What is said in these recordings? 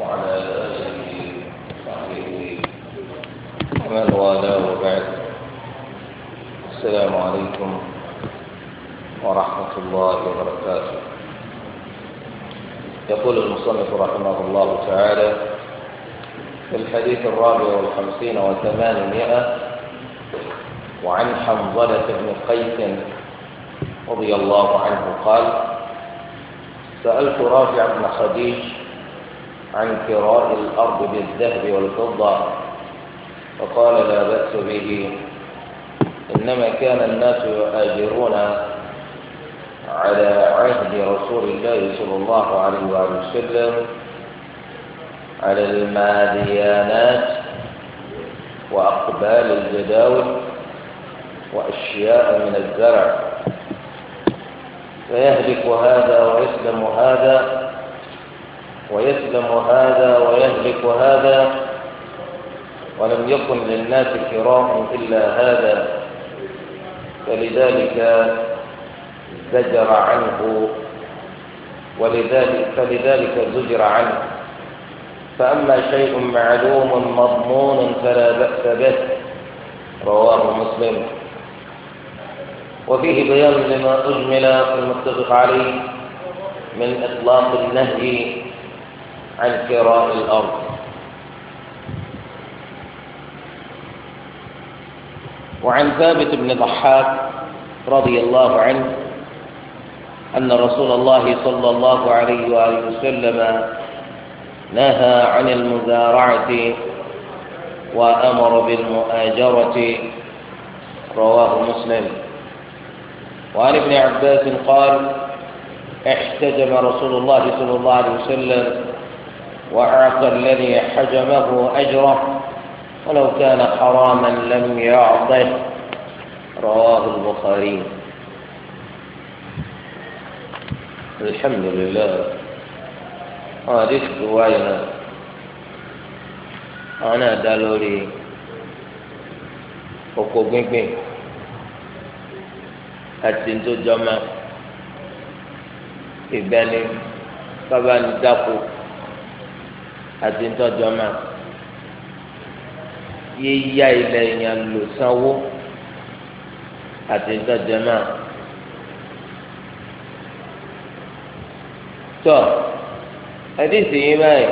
وعلى آله وصحبه ومن والاه وبعد السلام عليكم ورحمة الله وبركاته يقول المصنف رحمه الله تعالى في الحديث الرابع والخمسين وثمانمائة وعن حنظلة بن قيس رضي الله عنه قال سألت رافع بن خديج عن كراء الأرض بالذهب والفضة فقال لا بأس به إنما كان الناس يؤاجرون على عهد رسول الله صلى الله عليه وسلم على الماديانات وأقبال الجداول وأشياء من الزرع فيهلك هذا ويسلم هذا ويسلم هذا ويهلك هذا ولم يكن للناس كرام إلا هذا فلذلك زجر عنه ولذلك فلذلك زجر عنه فأما شيء معلوم مضمون فلا بأس به رواه مسلم وفيه بيان لما أجمل في المتفق عليه من إطلاق النهي عن كراء الأرض وعن ثابت بن ضحاك رضي الله عنه أن رسول الله صلى الله عليه وآله وسلم نهى عن المزارعة وأمر بالمؤاجرة رواه مسلم وعن ابن عباس قال احتجم رسول الله صلى الله عليه وسلم وأعطى الذي حجمه أجره ولو كان حراما لم يعطه رواه البخاري الحمد لله هذه الرواية أنا دالوري أوكو àti ntòjọmọ ìgbẹni kábàánì dáko àti ntòjọmọ yíyá ilẹ̀ yẹn lò sanwó àti ntòjọmọ tọ ẹdíìsì yìí báyìí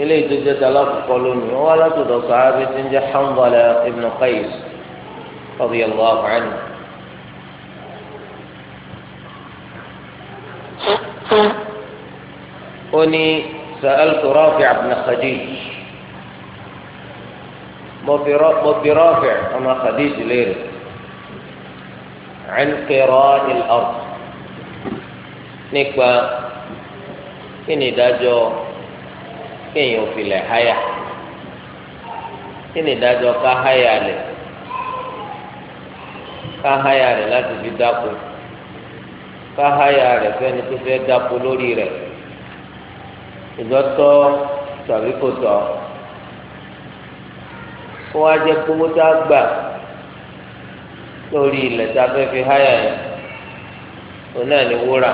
ilé ìtòjọ tó alákòókò lónìí wọn wá látòdò sọ ààbẹ tí ń jẹ Hanzala ibn Qais radiyallahu anhu. أني سألت رافع بن خديج مبي رافع أما خديج ليري عن قراء الأرض نكبة kíni ìdájọ́ kéèyàn òfìlẹ̀ háyà kíni ìdájọ́ ká háyà lẹ̀ ká háyà rẹ̀ láti fi dáko ká háyà rẹ̀ fẹ́ni tó fẹ́ dáko lórí rẹ̀ ìjọtọ́ tàbí kò tọ́ kó wá jẹ́ kówó tá a gbà lórí ilẹ̀ tá a fẹ́ fi háyà yẹn òun náà ní wúrà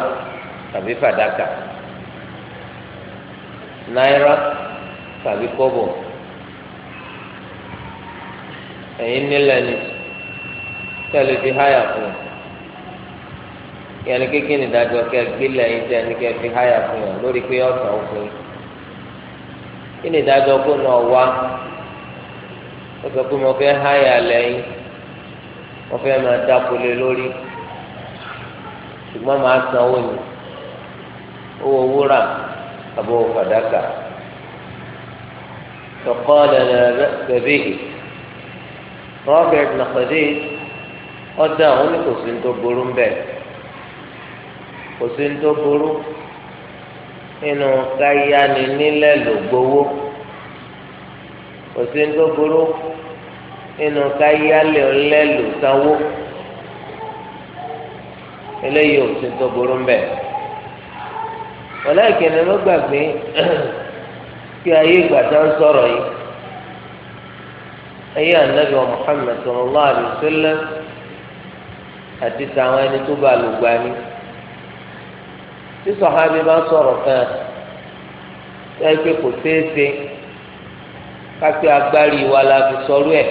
tàbí fàdákà náírà tàbí kọ́bọ̀ ẹ̀yin nílẹ̀ ni tẹ́lẹ̀ fi háyà fún un yẹn ní kékeré ìdájọ́ kẹ gbélé ẹyin tẹ ní kẹ fi háyà fún yàn lórí pé ọ̀sán òfin kí ni ìdájọ́ kó nà ọ wá ó sọ pé mo fẹ́ háyà lẹ́yìn mo fẹ́ máa dáko lé lórí ṣùgbọ́n máa sanwó ni owó wúrà àbò fàdákà tọkọ́ lẹ́lẹ́ bẹ̀bí rọ́bẹ̀t nàkàdé ọ̀dà òun ní kò tó burú ń bẹ̀rẹ̀ kò sí ní tó burú nínú káyáni nílẹ̀ ló gbowó kò sí ní tó burú nínú káyálẹ̀ ńlẹ̀ ló sanwó eléyìí ò sí ní tó burú ń bẹ̀. wọ́n ẹ̀kẹ́ni ló gbàgbé kí ayé ìgbàdá ń sọ̀rọ̀ yìí ayé ànábì wa Muhammad sallallahu alaihi wasallam àti tàwọn ẹni tó bá lùgbà ni tí sọ̀hábí bá sọ̀rọ̀ kan ẹ pé kò ṣeé ṣe kápẹ́ agbárí wa la fi sọ̀rọ̀ ẹ̀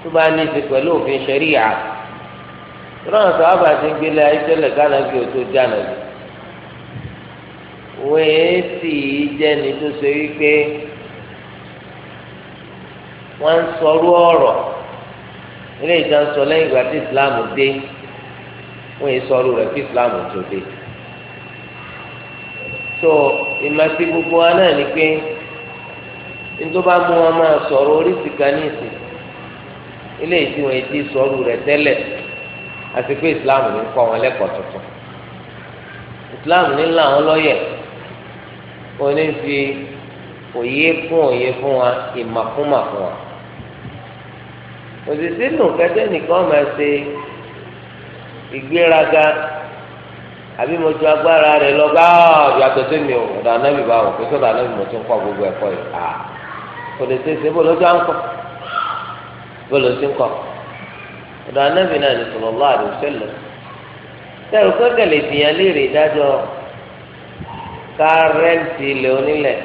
tó bá ní í ṣe pẹ̀lú òfin ṣẹ̀ríyà lọ́nà tó àbá ti ń gbélé ayé tẹ́lẹ̀ gánà bí o tó dáná bí wọ́n sì jẹ́ni tó ṣe wípé wọ́n ń sọ̀rọ̀ ọ̀rọ̀ ilé ìjà ń sọ lẹ́yìn ìgbà tí Islam dé wọ́n yìí sọ̀rọ̀ rẹ̀ kí islam tó dé so ìmọ̀sí gbogbo wa náà ni pé nítorí bá mú wọn máa sọ̀rọ̀ oríṣi kan ní ìsìn ilé ìsìn wọn ti sọ̀rọ̀ rẹ̀ tẹ́lẹ̀ àti pé islam ní kọ́ wọn lẹ́kọ̀ọ́ tuntun islam ní làwọn lọ́yẹ̀ wọn ní fi òye kún òye fún wa ìmàkúmà fún wa òṣìṣẹ́ nù kẹ́tẹ́ nìkan máa ṣe. ìgbéraga àbí mo ju agbára rẹ lọ bá yàtọ̀ sí mi ọ̀dà anábì bá wọn pẹ̀sọ́dà anábì mo kọ́ gbogbo ẹ̀kọ́ yìí à kò lè ṣe é ṣe bó ló ń kọ́ bó ti ń kọ́ ọ̀dà anábì náà ní léèrè ká rẹ́ǹtì ilẹ̀ onílẹ̀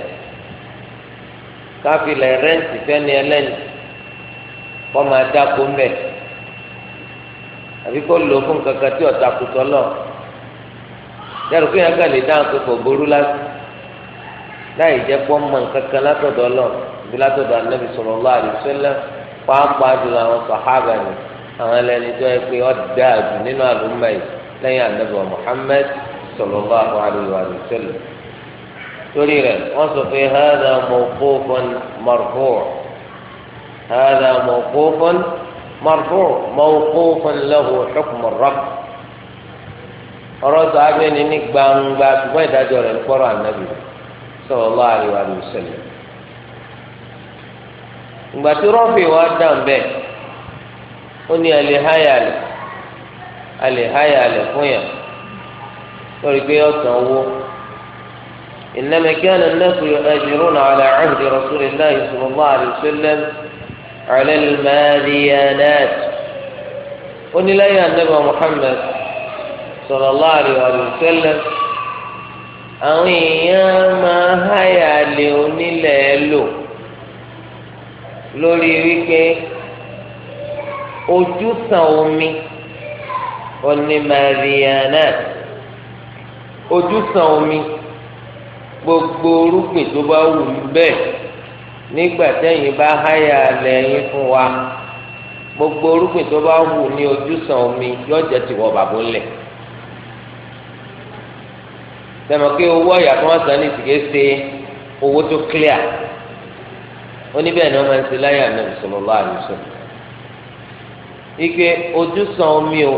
rẹ́ǹtì fẹ́ni ẹlẹ́ni kọ́ máa dáko àbí kó lò fún kankan tí ọ̀tà kùtọ̀ lọ yàrá kó yàn kàn lè dáhùn pé kò ború lásì láì jẹ́ pọ́ mọ kankan látọ̀dọ̀ lọ ibi látọ̀dọ̀ anábì sallallahu alaihi wasallam pàápàá jùlọ àwọn sàhábà ni àwọn ẹlẹ́ni tó yẹ pé ọ̀dà àdùn nínú àlùmọ̀ yìí lẹ́yìn anábì Muhammad sallallahu alaihi wasallam torí rẹ̀ wọ́n sọ pé hàdà mawqufun marfu' hàdà mawqufun marfu' مرفوع موقوف له حكم الرفع ọ̀rọ̀ sàbẹ ni ní gbangba ṣùgbọ́n ìdájọ́ rẹ̀ ń kọrọ ànábì sallallahu alaihi wa sallam ìgbà tí rọfì wa dàn bẹ́ẹ̀ ó ní àlèháyàlè àlèháyàlè fún yà lórí pé ọsàn owó innama kana an-nasu yu'ajiruna ala 'ahdi rasulillahi sallallahu alaihi wa sallam. على الماديانات وني لا النبي محمد صلى الله عليه وسلم àwọn èèyàn máa háyà lé onílẹ̀ lò lórí wípé ojúsàn omi oní mariana ojúsàn omi gbogbo orúgbìn tó bá wù ú bẹ́ẹ̀ nígbà tẹ́yìn bá háyà lẹ́yìn fún wa gbogbo orúgbìn tó bá wù ní ojúsàn omi yóò jẹ́ tiwọ́ bàbá ńlẹ̀ tẹmọ pé owó ọ̀yà tó wọ́n san ní ìsìké ṣe owó tó clear oníbẹ̀ ni wọ́n máa ń ṣe láyà náà sallallahu alaihi wasallam ike ojúsàn omi o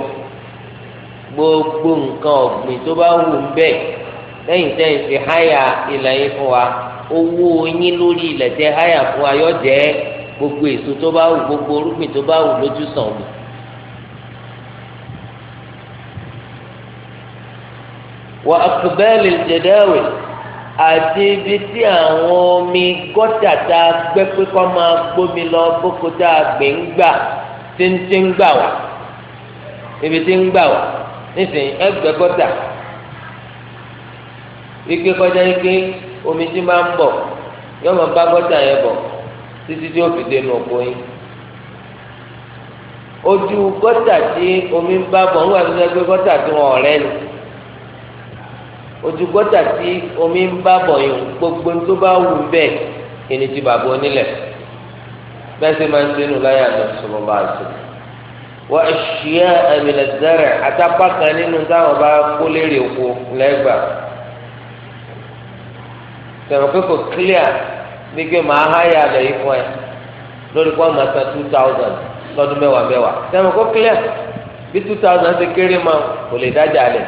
gbogbo nǹkan ọ̀gbìn tó bá wù ń bẹ̀ lẹ́yìn tẹ́yìn fi háyà ilẹ̀ fún wa owó yín lórí ilẹ̀ tẹ́ háyà fún ayọ́ jẹ́ gbogbo èso tó bá wù gbogbo orúgbìn tó bá wù lójú sàn mi. wà á kẹbẹ́ẹ̀lì jẹ̀dáwì àti ibi tí àwọn omi gọ́tà tá a gbẹ́ pé kọ́ máa gbómi lọ bókó tá a gbé ń gbà tí ń ti ń gbà wá ibi tí ń gbà wá nísìnyí ẹgbẹ́ gọ́tà wípé kọjá yìí omi tí máa ń bọ̀ yóò máa bá gọ́tà yẹn bọ̀ títí tí ó fi dénú oko yín ojú gọ́tà tí omi ń bá bọ̀ ń wà nínú ẹgbẹ́ gọ́tà tí wọ́n ọ̀rẹ́ ni ojú gọ́tà tí omi ń bá bọ̀ yìí gbogbo tó bá wù bẹ́ẹ̀ ẹni tí bàbá onílẹ̀ bẹ́ẹ̀ sì máa ń dénú láyé àná sọ̀rọ̀ bá a sọ. wọ́n ṣí ẹ́ ẹ̀mí lẹ́sẹ̀rẹ̀ àtàpá kan nínú táwọn bá kó lérè oko lẹ́gbàá tẹ̀wọ̀n pé kò clear bí pé màá háyà lẹ̀ yìí fún ẹ lórí kó àmà san two thousand lọ́dún mẹ́wàá mẹ́wàá tẹ̀wọ̀n kó clear bí two thousand ṣe kéré ma kò lè dájà lẹ̀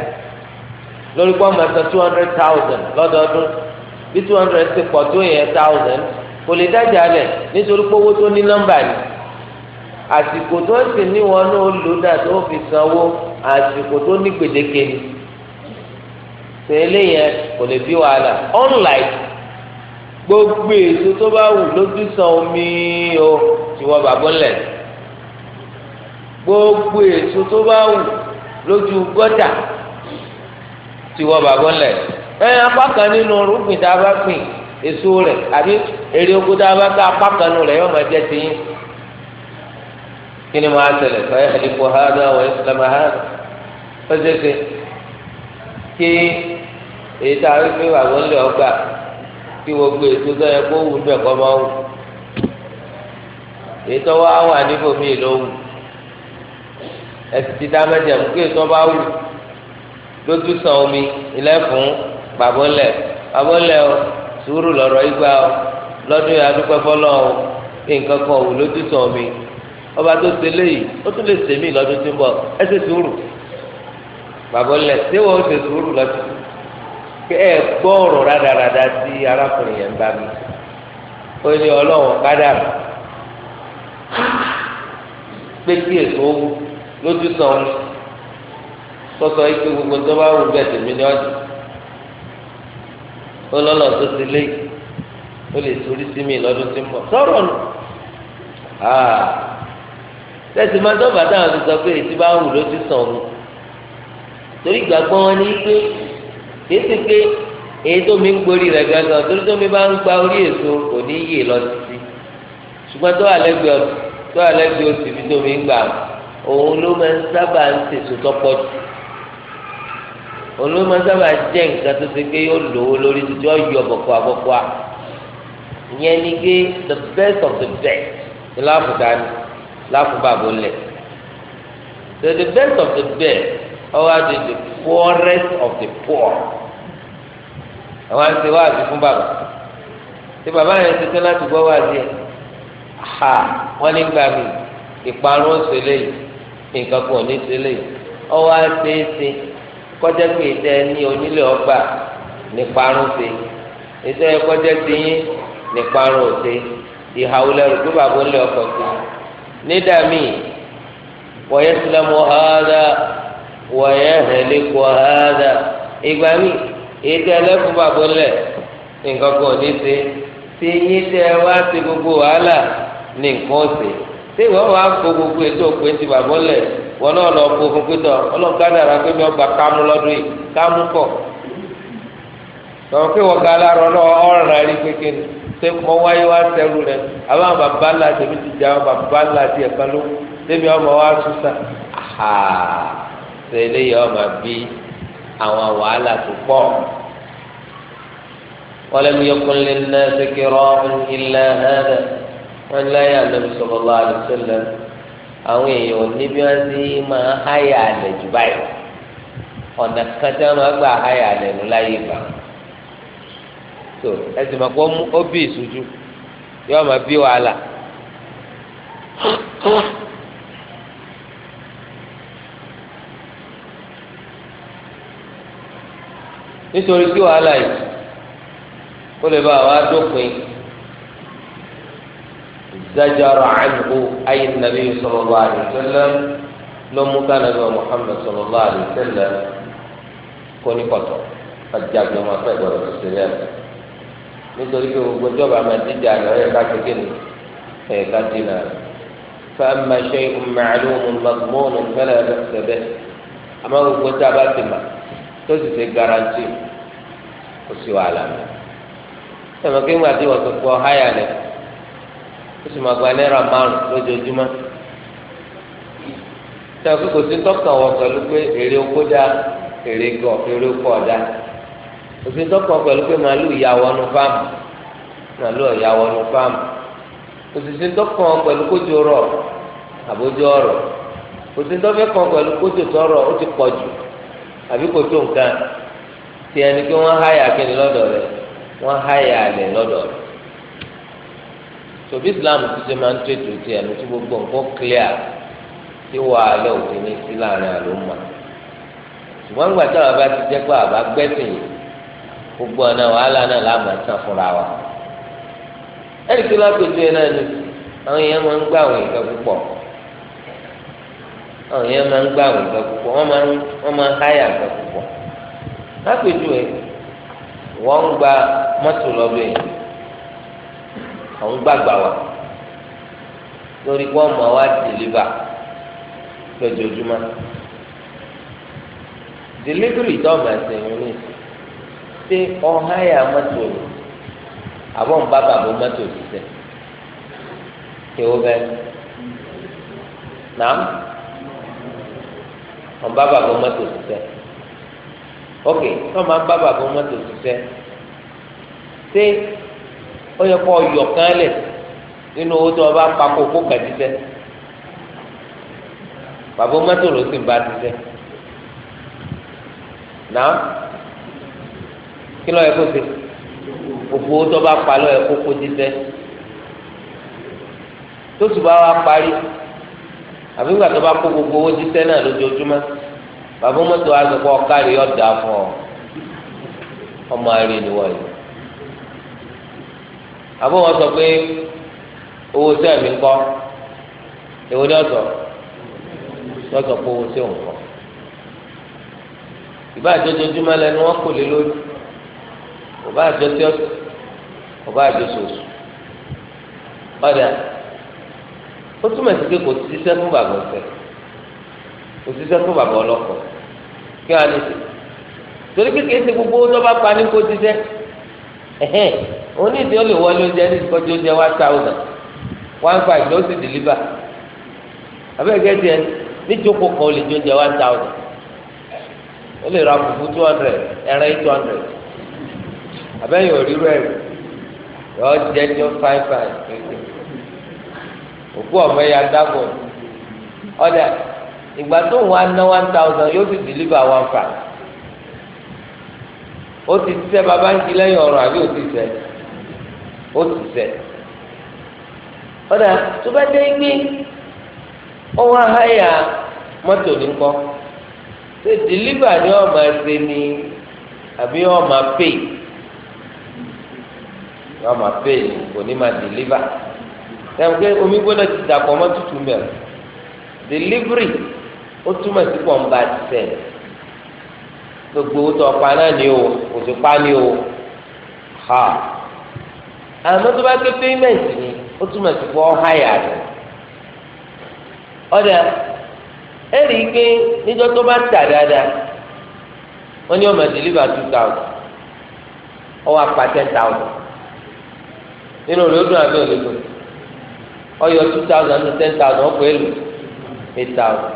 lórí kó àmà san two hundred thousand lọ́dọọdún bí two hundred ṣe pọ̀ tó yẹn thousand kò lè dájà lẹ̀ nítorí pé tó ní nọ́mbà ni àsìkò tó ń sìn ní wọn náà lò dà tó fi sanwó àsìkò tó ní gbèdéke ni tẹ́lẹ̀ yẹn kò lè bí wàhálà unlike gbogbo èso tó bá wù lójú sàn omi o tí wọ́n bá gbọ́nlẹ̀ gbogbo èso tó bá wù lójú gọ́tà tí wọ́n bá gbọ́nlẹ̀ ẹ apá kan nínú rúgbìn tá a bá gbìn èso rẹ̀ àbí èrè oko tá a bá ká apá kan nínú rẹ̀ yóò máa jẹ́ tiyín kí ni mo á tẹ̀lé fẹ́ ẹ̀dínkù hádà wọ̀ ẹ̀sìlámù hádà ó ṣeé ṣe kí èyí tá a rí wà wọ́n ọgbà kí gbogbo ètò tó yẹ kó wù bẹ kọ máa wù ètò wa wà níbòmí ló wù ẹsì dá mẹjẹ mú kí ètò bá wù lójú sàn omi ilẹ̀ fún bàbọ́lẹ̀ bàbọ́lẹ̀ o sùúrù lọ́rọ̀ igba o lọ́dún yà dúpẹ́ fọlọ́ o nǹkan kan òwò lójú sàn omi ọba tó ṣe léyìí ó tún lè ṣe mí lọ́dún tí ń bọ̀ ẹ ṣe sùúrù bàbọ́lẹ̀ ṣé wọ́n ṣe sùúrù lọ́dún kí ẹ gbọ́ ọ̀rọ̀ rádaràda sí arákùnrin yẹn bá mi ó ní ọlọ́wọ́ kádàrà pé kí èso wú lójú sàn sọsọ ike gbogbo tó bá wù bẹ́ẹ̀ tèmi ní ọjà ó lọ́nà tó ti lé ó lè torí sí mi lọ́dún tí ń bọ̀ sọ̀rọ̀ nù tẹ̀sí máa dọ́gba táwọn ti sọ pé èsì bá wù lójú sàn torí ìgbàgbọ́ wọn ní pé kìí ṣe pé èyí tó mi ń gborí rẹ̀ gángan torí tó mi bá ń gba orí èso kò ní yè lọ títí ṣùgbọ́n tó àlẹ́gbẹ̀ẹ́ tó àlẹ́gbẹ̀ẹ́ oṣù fi tó mi ń gbà òun ló máa ń sábà ń tèso tọ́pọ̀ jù òun ló máa ń sábà jẹ́ nǹkan tó ṣe pé yóò lówó lórí títí ó yọ bọ̀kọ̀ àbọ̀kọ̀ à ìyẹn ni pé the best of the best ni láfùdá ni láfùbàbò lẹ̀ so the best of the best always is the poorest of the poor àwọn àti wáàzì fún bàbá tí bàbá yẹn ti tẹ́ láti gbọ́ wáàzì ẹ̀ ha wọ́n ní gbà mí ìparun ó ṣẹlẹ̀ yìí nǹkan kan ò ní ṣẹlẹ̀ yìí ọwọ́ àṣeéṣe kọjá pé ìtẹ́ ní onílé ọgbà níparun ṣe ìtẹ́ kọjá ti yín níparun ṣe ìhàwó lẹ́rù tó bàbá ó lé ọkọ̀ sí nídà míì wọ́yẹ́ sílẹ̀ mọ́ ọ́dà wọ́yẹ́ hẹ̀lẹ́kọ̀ ọ́dà ìgbà míì. èyí tẹ ẹlẹ́fun bàbá nǹkan kan tí yín tẹ wá gbogbo wàhálà ní nǹkan ọ̀sẹ̀ tí ìwọ wàá kó gbogbo ètò òpin ti bàbá ńlẹ̀ wọn náà lọ kó fún pétọ ọlọ́gádà kọ̀ pé wọ́n ga alárọ̀ náà wáyé wá sẹ́rù rẹ̀ àwọn àwọn wàhálà tó pọ̀. ولم يكن na كرام إلا هذا wọ́n láyé ànábi sallallahu alaihi wasallam àwọn èèyàn níbi wọ́n ti máa háyà àlẹ̀ jù báyìí ọ̀nà kan tí gbà háyà àlẹ̀ ló láyé bá tó ẹsìn máa kó ó bí ìṣújú máa bí wàhálà. nítorí kí wàhálà yìí kó lè bá wa dópin zajara anhu ayé nàbí sallallahu alaihi wasallam ló mú ká nàbí Muhammad sallallahu alaihi wasallam kó ní kọtọ àjàgbé ọmọ afẹ gbọ́dọ̀ tó ṣẹlẹ̀ nítorí pé gbogbo ìjọba máa àná ẹ ká kékeré ẹ ká dínà فأما شيء معلوم مضمون فلا بأس به أما هو كتابات ما tó sì ṣe garanti kò sí wàhálà mi sọmọ kí n gbà tí wọn tó kọ háyà lẹ ó sì máa gba náírà márùn lójoojúmọ́ sọ pé kò sí tọkàn pé èrè oko dá èrè gọ èrè oko ọdá kò sí tọkàn pẹ̀lú pé màálù ìyàwó ọnu fáàmù màálù ìyàwó ọnu fáàmù kò sí tọkàn kójú rọ àbójú kò sí tọkàn kójú tọrọ ó ti jù. àbí kò tó nǹkan tí ẹni pé wọ́n háyà kíni lọ́dọ̀ rẹ̀ wọ́n háyà rẹ̀ lọ́dọ̀ rẹ̀ tòbí islam ti ṣe máa ń tó ètò tiẹ̀ ní tí gbogbo nǹkan clear tí wàá lẹ́ òfin ní sí láàrin àlòmọ́ ṣùgbọ́n gbà táwọn bá ti jẹ́ pé àbá gbẹ́sìn yìí gbogbo ọ̀nà wàhálà náà láàmú ẹ̀sán fúnra wa ẹ̀rí kí lápẹ̀jọ́ yẹn náà ni àwọn èèyàn máa ń gbà àwọn ìfẹ́ púpọ̀ àwọn èèyàn máa ń gbà àwọn nǹkan púpọ̀ wọ́n máa ń wọ́n máa ń háyà nǹkan púpọ̀ lápèjú ẹ̀ wọ́n ń gba mọ́tò lọ́bẹ̀ àwọn gbàgbà wà lórí pé ọmọ wa dìlíbà lójoojúmọ́ dìlíbìrì dọ́ọ̀mà sẹ́yìn ní ṣé ọ̀háyà mọ́tò ni àbọ̀ ń wọn bá bàbá mọ́tò ṣiṣẹ́ ok wọn máa ń bá bàbá mọ́tò ṣiṣẹ́ ṣé ó yẹ kó ọyọ kan lẹ nínú owó tí wọn bá pa kókó kan ṣiṣẹ́ bàbá mọ́tò ló sì ń bá ṣiṣẹ́ náà kí ló yẹ kó ṣe òfò owó tí wọn bá pa ló yẹ kókó ṣiṣẹ́ tó sì bá wa parí àfi gbà tó bá kó gbogbo owó títẹ́ náà lójoojúmọ́ bàbá mọ́tò àgbẹ̀kọ́ káàrí ọ̀dà fún ọ ọmọ àárẹ̀ ìníwọ̀ yìí àbọ̀ wọn sọ pé owó tẹ́ mi kọ́ èwo ni ọ̀sọ̀ lọ́sọ̀ pé owó tẹ́ òun kọ́ ìbá àjọjọjúmọ́ lẹ́nu wọn kò lé lórí ọba àjọ ọba àjọ sòsù ó túmọ̀ sí pé kò ṣiṣẹ́ fún bàbá ọ̀sẹ̀ kò ṣiṣẹ́ fún bàbá ọlọ́kọ̀ kí wọ́n á lè ṣe torí pé kìí ṣe gbogbo lọ́ba pa ní kó ṣiṣẹ́ ẹ̀hẹ́n onídìí ó lè wọlé oúnjẹ ní ìkọjú oúnjẹ one thousand one five ló sì dìlíbà abẹ́gẹ́ tiẹ̀ níjókòó kan ó lè jẹ oúnjẹ one thousand ó lè ra fùfú two hundred ẹran eight hundred abẹ́yẹ̀ òrírò ẹ̀rù yọ jẹ́ jọ five five. òkú ọmọ ya dágùn ọdẹ ìgbà tó ń wá ná one thousand yóò deliver one five ó ti sẹ bàbá ń di lẹ́yìn ọ̀rọ̀ àbí ó ti sẹ ó ti sẹ ọdẹ tó bá dé gbé ó wá háyà mọ́tò ní kọ́ ṣe deliver ni ọmọ ẹsẹ ni àbí ọmọ pay pay kò ní máa deliver. tẹ̀wọ́n pé omi gbọ́dọ̀ ti dàpọ̀ mọ́ tutù ń bẹ̀rẹ̀ delivery ó túmọ̀ sí pọ̀ ń ba ti sẹ̀ gbogbo owó tó ọ̀pá náà ni o kò sí pa ni o ha àmọ́ tó bá gbé payment ni ó túmọ̀ sí pọ̀ háyà rẹ̀ ọ̀dà ẹ rí i pé níjọ́ tó bá tà dáadáa wọ́n ní ọmọ deliver two thousand ọwọ́ apá ten thousand nínú rẹ̀ ó dùn àbí ọyọ two thousand to ten thousand ọkọ èlò eight thousand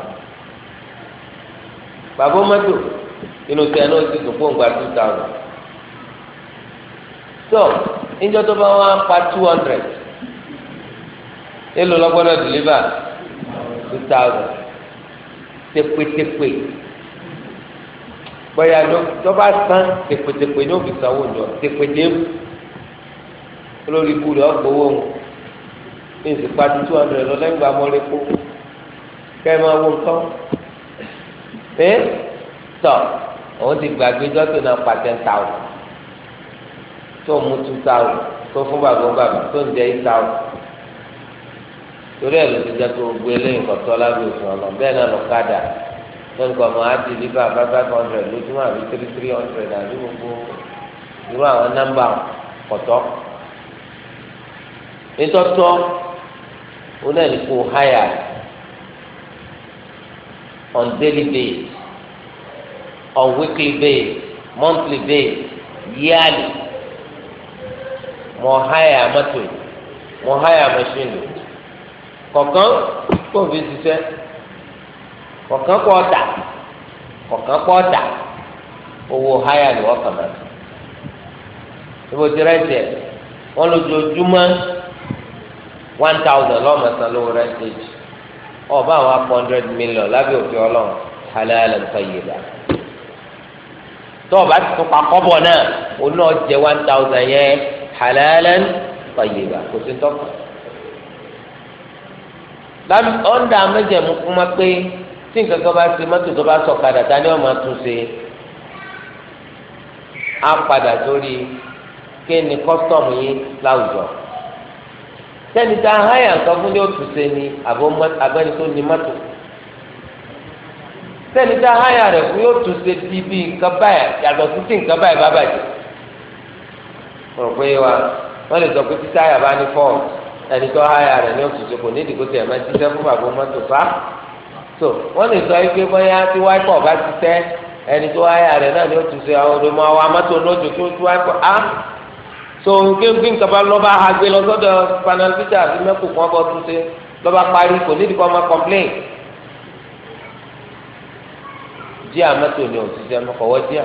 bàbá mọ́tò inú tẹ náà ti dùn fóun gba two thousand So níjọ tó bá wọn pa two hundred èlò lọ́gbọ́dọ̀ deliver two thousand tẹpẹtẹpẹ bóyá tó bá san tẹpẹtẹpẹ ní òbí sanwó jọ tẹpẹtẹ lórí ibùdó ọgbọwọ ń èsì pàdé two hundred lọ lẹ́gbàá mọ́lẹ́ kó kẹ́ ẹ máa wo nǹkan ẹ tọ òun ti gbàgbé jọ́tò náà pa ten thousand tó mú two thousand tó fún bàbá bàbá tó ń jẹ eight thousand torí ẹ̀ ti jẹ́ kó gbé lẹ́yìn kọ́tọ́ lábẹ́ òfin ọ̀nà bẹ́ẹ̀ náà lọ́kadà lọ́nkọ̀ mọ́ á di liver bá five hundred lójúmọ́ àbí three three hundred àbí gbogbo irú àwọn nọ́mbà kọ̀tọ́ nítọ́tọ́ ó náà ní kó háyà on daily base, on weekly base, monthly base, yearly mọ háyà mọ́tò mọ háyà mọ́ṣínì kọ̀ọ̀kan kò fi ṣiṣẹ́ kọ̀ọ̀kan kọ̀ ọ̀tà kọ̀ọ̀kan kọ̀ ọ̀tà owó háyà ni wọ́n kàn máa tó. ibo ti rẹ̀ tẹ̀ wọ́n lójoojúmọ́ one thousand lọ́mọ san lówó rẹ́sítéèjì ọba àwọn akọ hundred million lábẹ́ òfin ọlọ́run halalan tayyiba tọ́ọ̀bá ti tún pa kọ́bọ̀ náà òun náà jẹ́ one thousand yẹn halalan tayyiba kò sí tọ́kọ̀. ọ̀ndà méjèèmú kún mọ́ pé tí nǹkan kan bá ṣe mọ́tò tó bá sọ̀kadà ta ni wọ́n máa tún ṣe á padà sórí kí ni kọ́sítọ́ọ̀mù yín láwùjọ sẹ́ni tá a háyà nǹkan fún ní òtún ṣe ni abẹ́ni tó ní mọ́tò sẹ́ni tá a háyà rẹ̀ fún yóò tún ṣe ti bí nǹkan báyà yàtọ̀ sí ti nǹkan báyà bá bàjẹ́ rò pé wa wọ́n lè sọ pé títí àyà bá ní fọ́ọ̀mù ẹni tó háyà rẹ̀ ní òtún ṣe kò ní ìdìbò tẹ̀ máa ṣiṣẹ́ fún bàbá mọ́tò fa so wọ́n lè sọ pé bóyá tí wáìpọ̀ bá ṣiṣẹ́ ẹni tó háyà rẹ̀ náà ní òtún ṣe àwọn wa mọ́tò lójú tó tó tó nkéńké nǹkan bá lọ́ba àgbẹ̀ lọ sọ́dọ̀ panalpita àbí mẹ́kù kan bọ́ tún ṣe lọ́ba parí kò nídìí kọ́ máa complain díà mẹ́tò ni òṣìṣẹ́ mọ́kọ̀wọ́ díà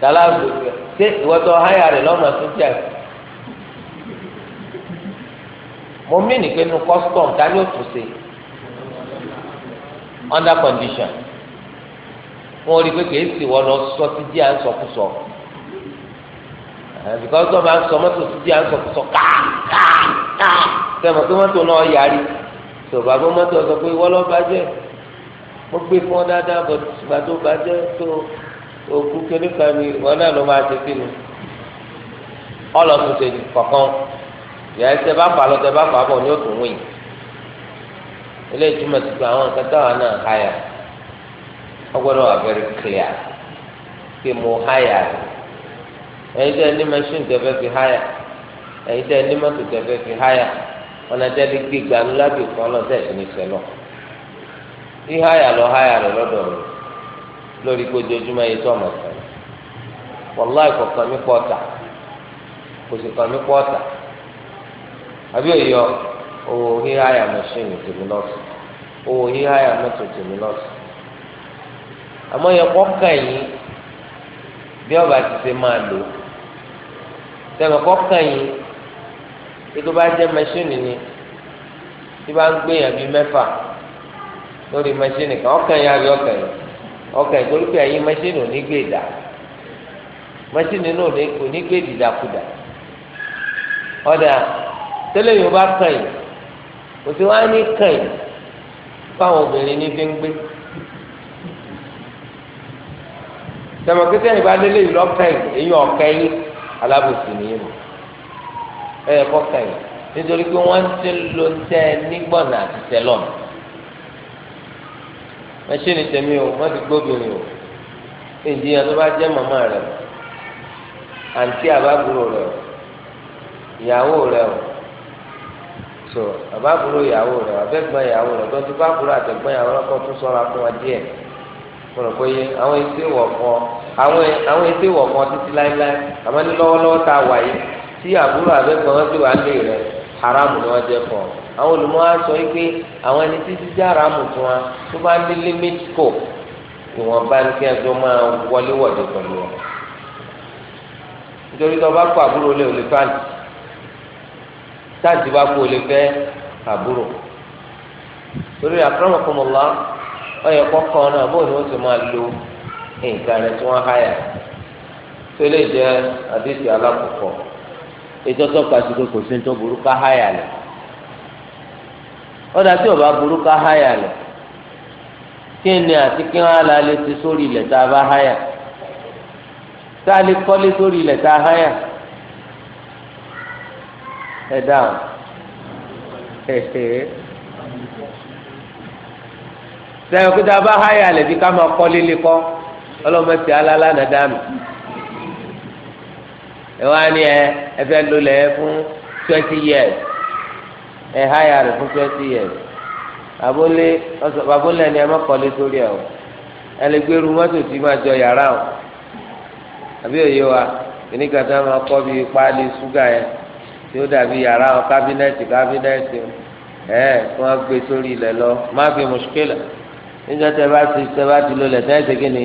tala gbèsè ṣé ìwọ́tọ̀ háyà rẹ̀ lọ́nà tó díà mo mí nìkan nu custom ta ni ó tún ṣe under condition wọn rí i pé kèé sì wọ́n lọ sọ́ọ́ ti díà ń sọkúsọ. So bìkọ́ tó máa ń sọ mọ́tò títí à ń sọkùsọ káà káà káà sẹ́mi pé mọ́tò náà yarí tó bàbá mọ́tò sọ pé wọ́n lọ́ bàjẹ́ mo gbé fún ọ dáadáa bọ̀ ìgbà tó bàjẹ́ tó òkú kínní kan ni wọn náà ló máa ṣe kínní ọlọ́tún ṣe kọ̀ọ̀kan ìyá ẹsẹ̀ bá fà lọ́tẹ̀ bá fà bọ̀ ní òtún wìn ilé ìtumọ̀ ti gba àwọn nǹkan táwọn náà háyà wọ́n wà very clear pé mo háyà rẹ̀. ẹ̀yin tẹ́ ní mẹṣin tẹfẹ fi haya, ẹ̀yin tẹ́ ní mọ́tò tẹfẹ fi haya, ọ̀nà tẹ́lẹ̀ gbé gbanú lábẹ́ ìfọ́ ọlọ́tẹ̀ ní sẹ́lọ̀ ní haya lọ haya rẹ lọ́dọ̀ rẹ lórí kojoojúmọ́ yìí tó ọmọ sẹ́lẹ̀ wàláì kọ̀ọ̀kan mi pọ̀ ọ̀tà kò sì kàn mí pọ̀ ọ̀tà àbí òyọ owó híháyà mẹṣin tèmi lọ́sùn owó híháyà mọ́tò tèmi lọ́sùn àmọ́ yẹ kọ́ kàn yín bí ọba sẹ́wọ̀n kọ́kàn yìí tí tó bá jẹ́ mẹ́ṣíìnì ni tí bá ń gbéyàn bíi mẹ́fà lórí mẹ́ṣíìnì kan ọkàn yìí àbí ọkàn yìí ọkàn yìí torí pé ẹ̀yin mẹ́ṣíìnì ò ní gbé dà mẹ́ṣíìnì náà ò ní gbé dìdàkudà ọ̀dà tẹ́lẹ̀ yóò bá kàn yìí kò sí wọ́n á ní kàn yìí fáwọn obìnrin ní fi ń gbé sẹ́wọ̀n kí sẹ́yìn bá délé yìí èyí yìí alábòsí nìyẹn mọ ẹ yẹ kọ kàn yín nítorí pé wọn ti ń lo tẹ nígbọnà àti tẹlọn mẹsìnì tèmi o wọn ti gbóbìnrin o ènìyàn tó bá jẹ màmá rẹ o àǹtí àbábúrò rẹ o ìyàwó rẹ o so àbábúrò ìyàwó rẹ o abẹ́gbọ́n ìyàwó rẹ tó ti bá àbúrò àtẹ̀gbọ́n ìyàwó rẹ kọ́ tún sọ́ra fún wa díẹ̀ mo rò pé àwọn etí wọ̀ fún àwọn e, àwọn ètò e ìwọ̀ kan títí láéláé àmọ́ ní lọ́wọ́lọ́wọ́ tá a wà yìí tí àbúrò àbẹ́gbọ́n wọn ti wà lé rẹ̀ haramu ni wọ́n jẹ́ fún ọ. àwọn olùmọ̀ á sọ wípé àwọn ẹni títí jẹ́ haramu tó bá ní limit ní kí máa wọlé ọ. nítorí tó bá kó àbúrò lé olè táǹtì nǹkan rẹ tí wọ́n háyà tó lè jẹ́ àdéhùn alákọ̀ọ́kọ́ ètò tọ́ka sí pé kò sí ní tó burú ká háyà lẹ̀ ọ̀dà tí ọba burú ká háyà lẹ̀ kí ni àti kí wọ́n á la lè ti sórí ilẹ̀ tá a bá háyà tá a lè kọ́lé sórí ilẹ̀ tá a háyà ẹ dáhùn sẹ́yìn kí tá a bá háyà lẹ̀ bí ká máa kọ́lé lé kọ́ ọlọ́mọ ti Alala, náà dànù ẹ wá ní ẹ ẹ fẹ́ lò fún twenty years ẹ háyà rẹ̀ fún twenty years àbólé àbólé ni ẹ má kọ́lé sórí ẹ o ẹ lè gbèrú mọ́tò tí máa jọ yàrá o àbí òye wa kìnnìkan tí wọ́n máa kọ́ bíi páálí ṣúgà yẹn tí ó dàbí yàrá o kábínẹ́ẹ̀tì kábínẹ́ẹ̀tì o ẹ kí wọn gbé sórí ilẹ̀ lọ má fi mùsùkìlà níjọ́ tẹ́ bá ti tẹ́ bá ti lò lẹ ẹ ṣe kí ni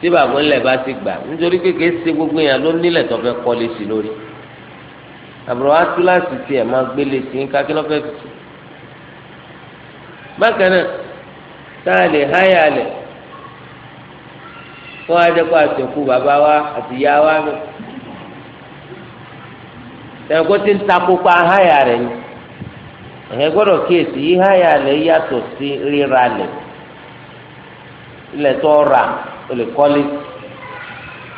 tí bàbá ńlẹ̀ bá ti gbà nítorí pé kìí ṣe gbogbo yẹn ló nílẹ̀ tó fẹ́ kọ́lé sí lórí àbúrò atúláàsì tiẹ̀ máa gbélé sí ká kí ló fẹ́ fi sí. bákan náà tá a lè háyà lẹ̀ kó wá jẹ́ kó àtẹ̀kù bàbá wa àti ìyá wa mi ẹ̀ ti ń takópa háyà rẹ̀ ni ẹ̀ gbọ́dọ̀ kíyèsí yí lẹ̀ yàtọ̀ sí ríra lẹ̀ ilẹ̀ tó rà o lè kọ́lé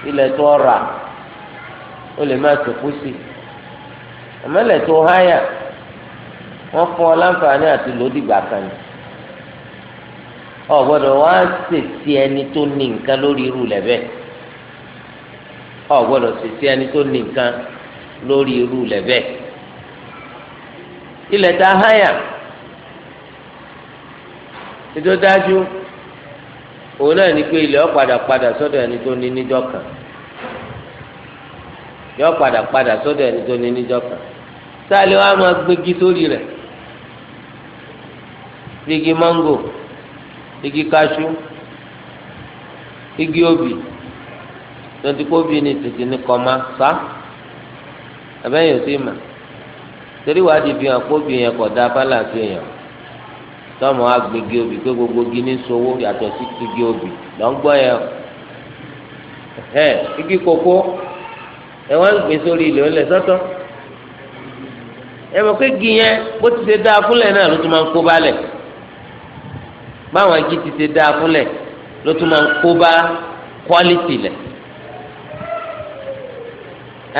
ilẹ̀ tó rà o lè má sòkú sí àmọ́lẹ̀ tó háyà wọ́n fún ọ láǹfààní àti lòdìgbà kan yìí ọ gbọ́dọ̀ wá ṣèṣì ẹni tó ní nǹkan lórí irú rẹ̀ bẹ́ẹ̀ ọ gbọ́dọ̀ ṣèṣì ẹni tó ní nǹkan lórí irú rẹ̀ bẹ́ẹ̀ ilẹ̀ tá háyà ètò dájú òun náà ní pé ilẹ̀ ọ̀padà padà sọ́dọ̀ ẹni tó ní níjọ́ kan yọ padà padà sọ́dọ̀ ẹni tó ní níjọ́ kan sáàlì wa máa gbégi sórí rẹ̀ igi mango igi kaṣú igi obì tonti kó obì ni tètè ní kọ́má sá abẹ́yẹ̀ sí mà torí wàá di fi hàn kó yẹn kọ̀ dá balance yẹn o. tọ́mọ agbègbè obì pé gbogbo igi ní sowó yàtọ̀ sí igi obì lọ́ngbọ́n yẹn ẹ igi koko ẹ wọ́n gbé sórí ilẹ̀ ńlẹ̀ sọ́tọ̀ ẹ mọ̀ pé igi yẹn bó ti ṣe dáa fúnlẹ̀ náà ló tún máa ń kó balẹ̀ báwọn igi ti ṣe dáa fúnlẹ̀ ló kwaliti lẹ̀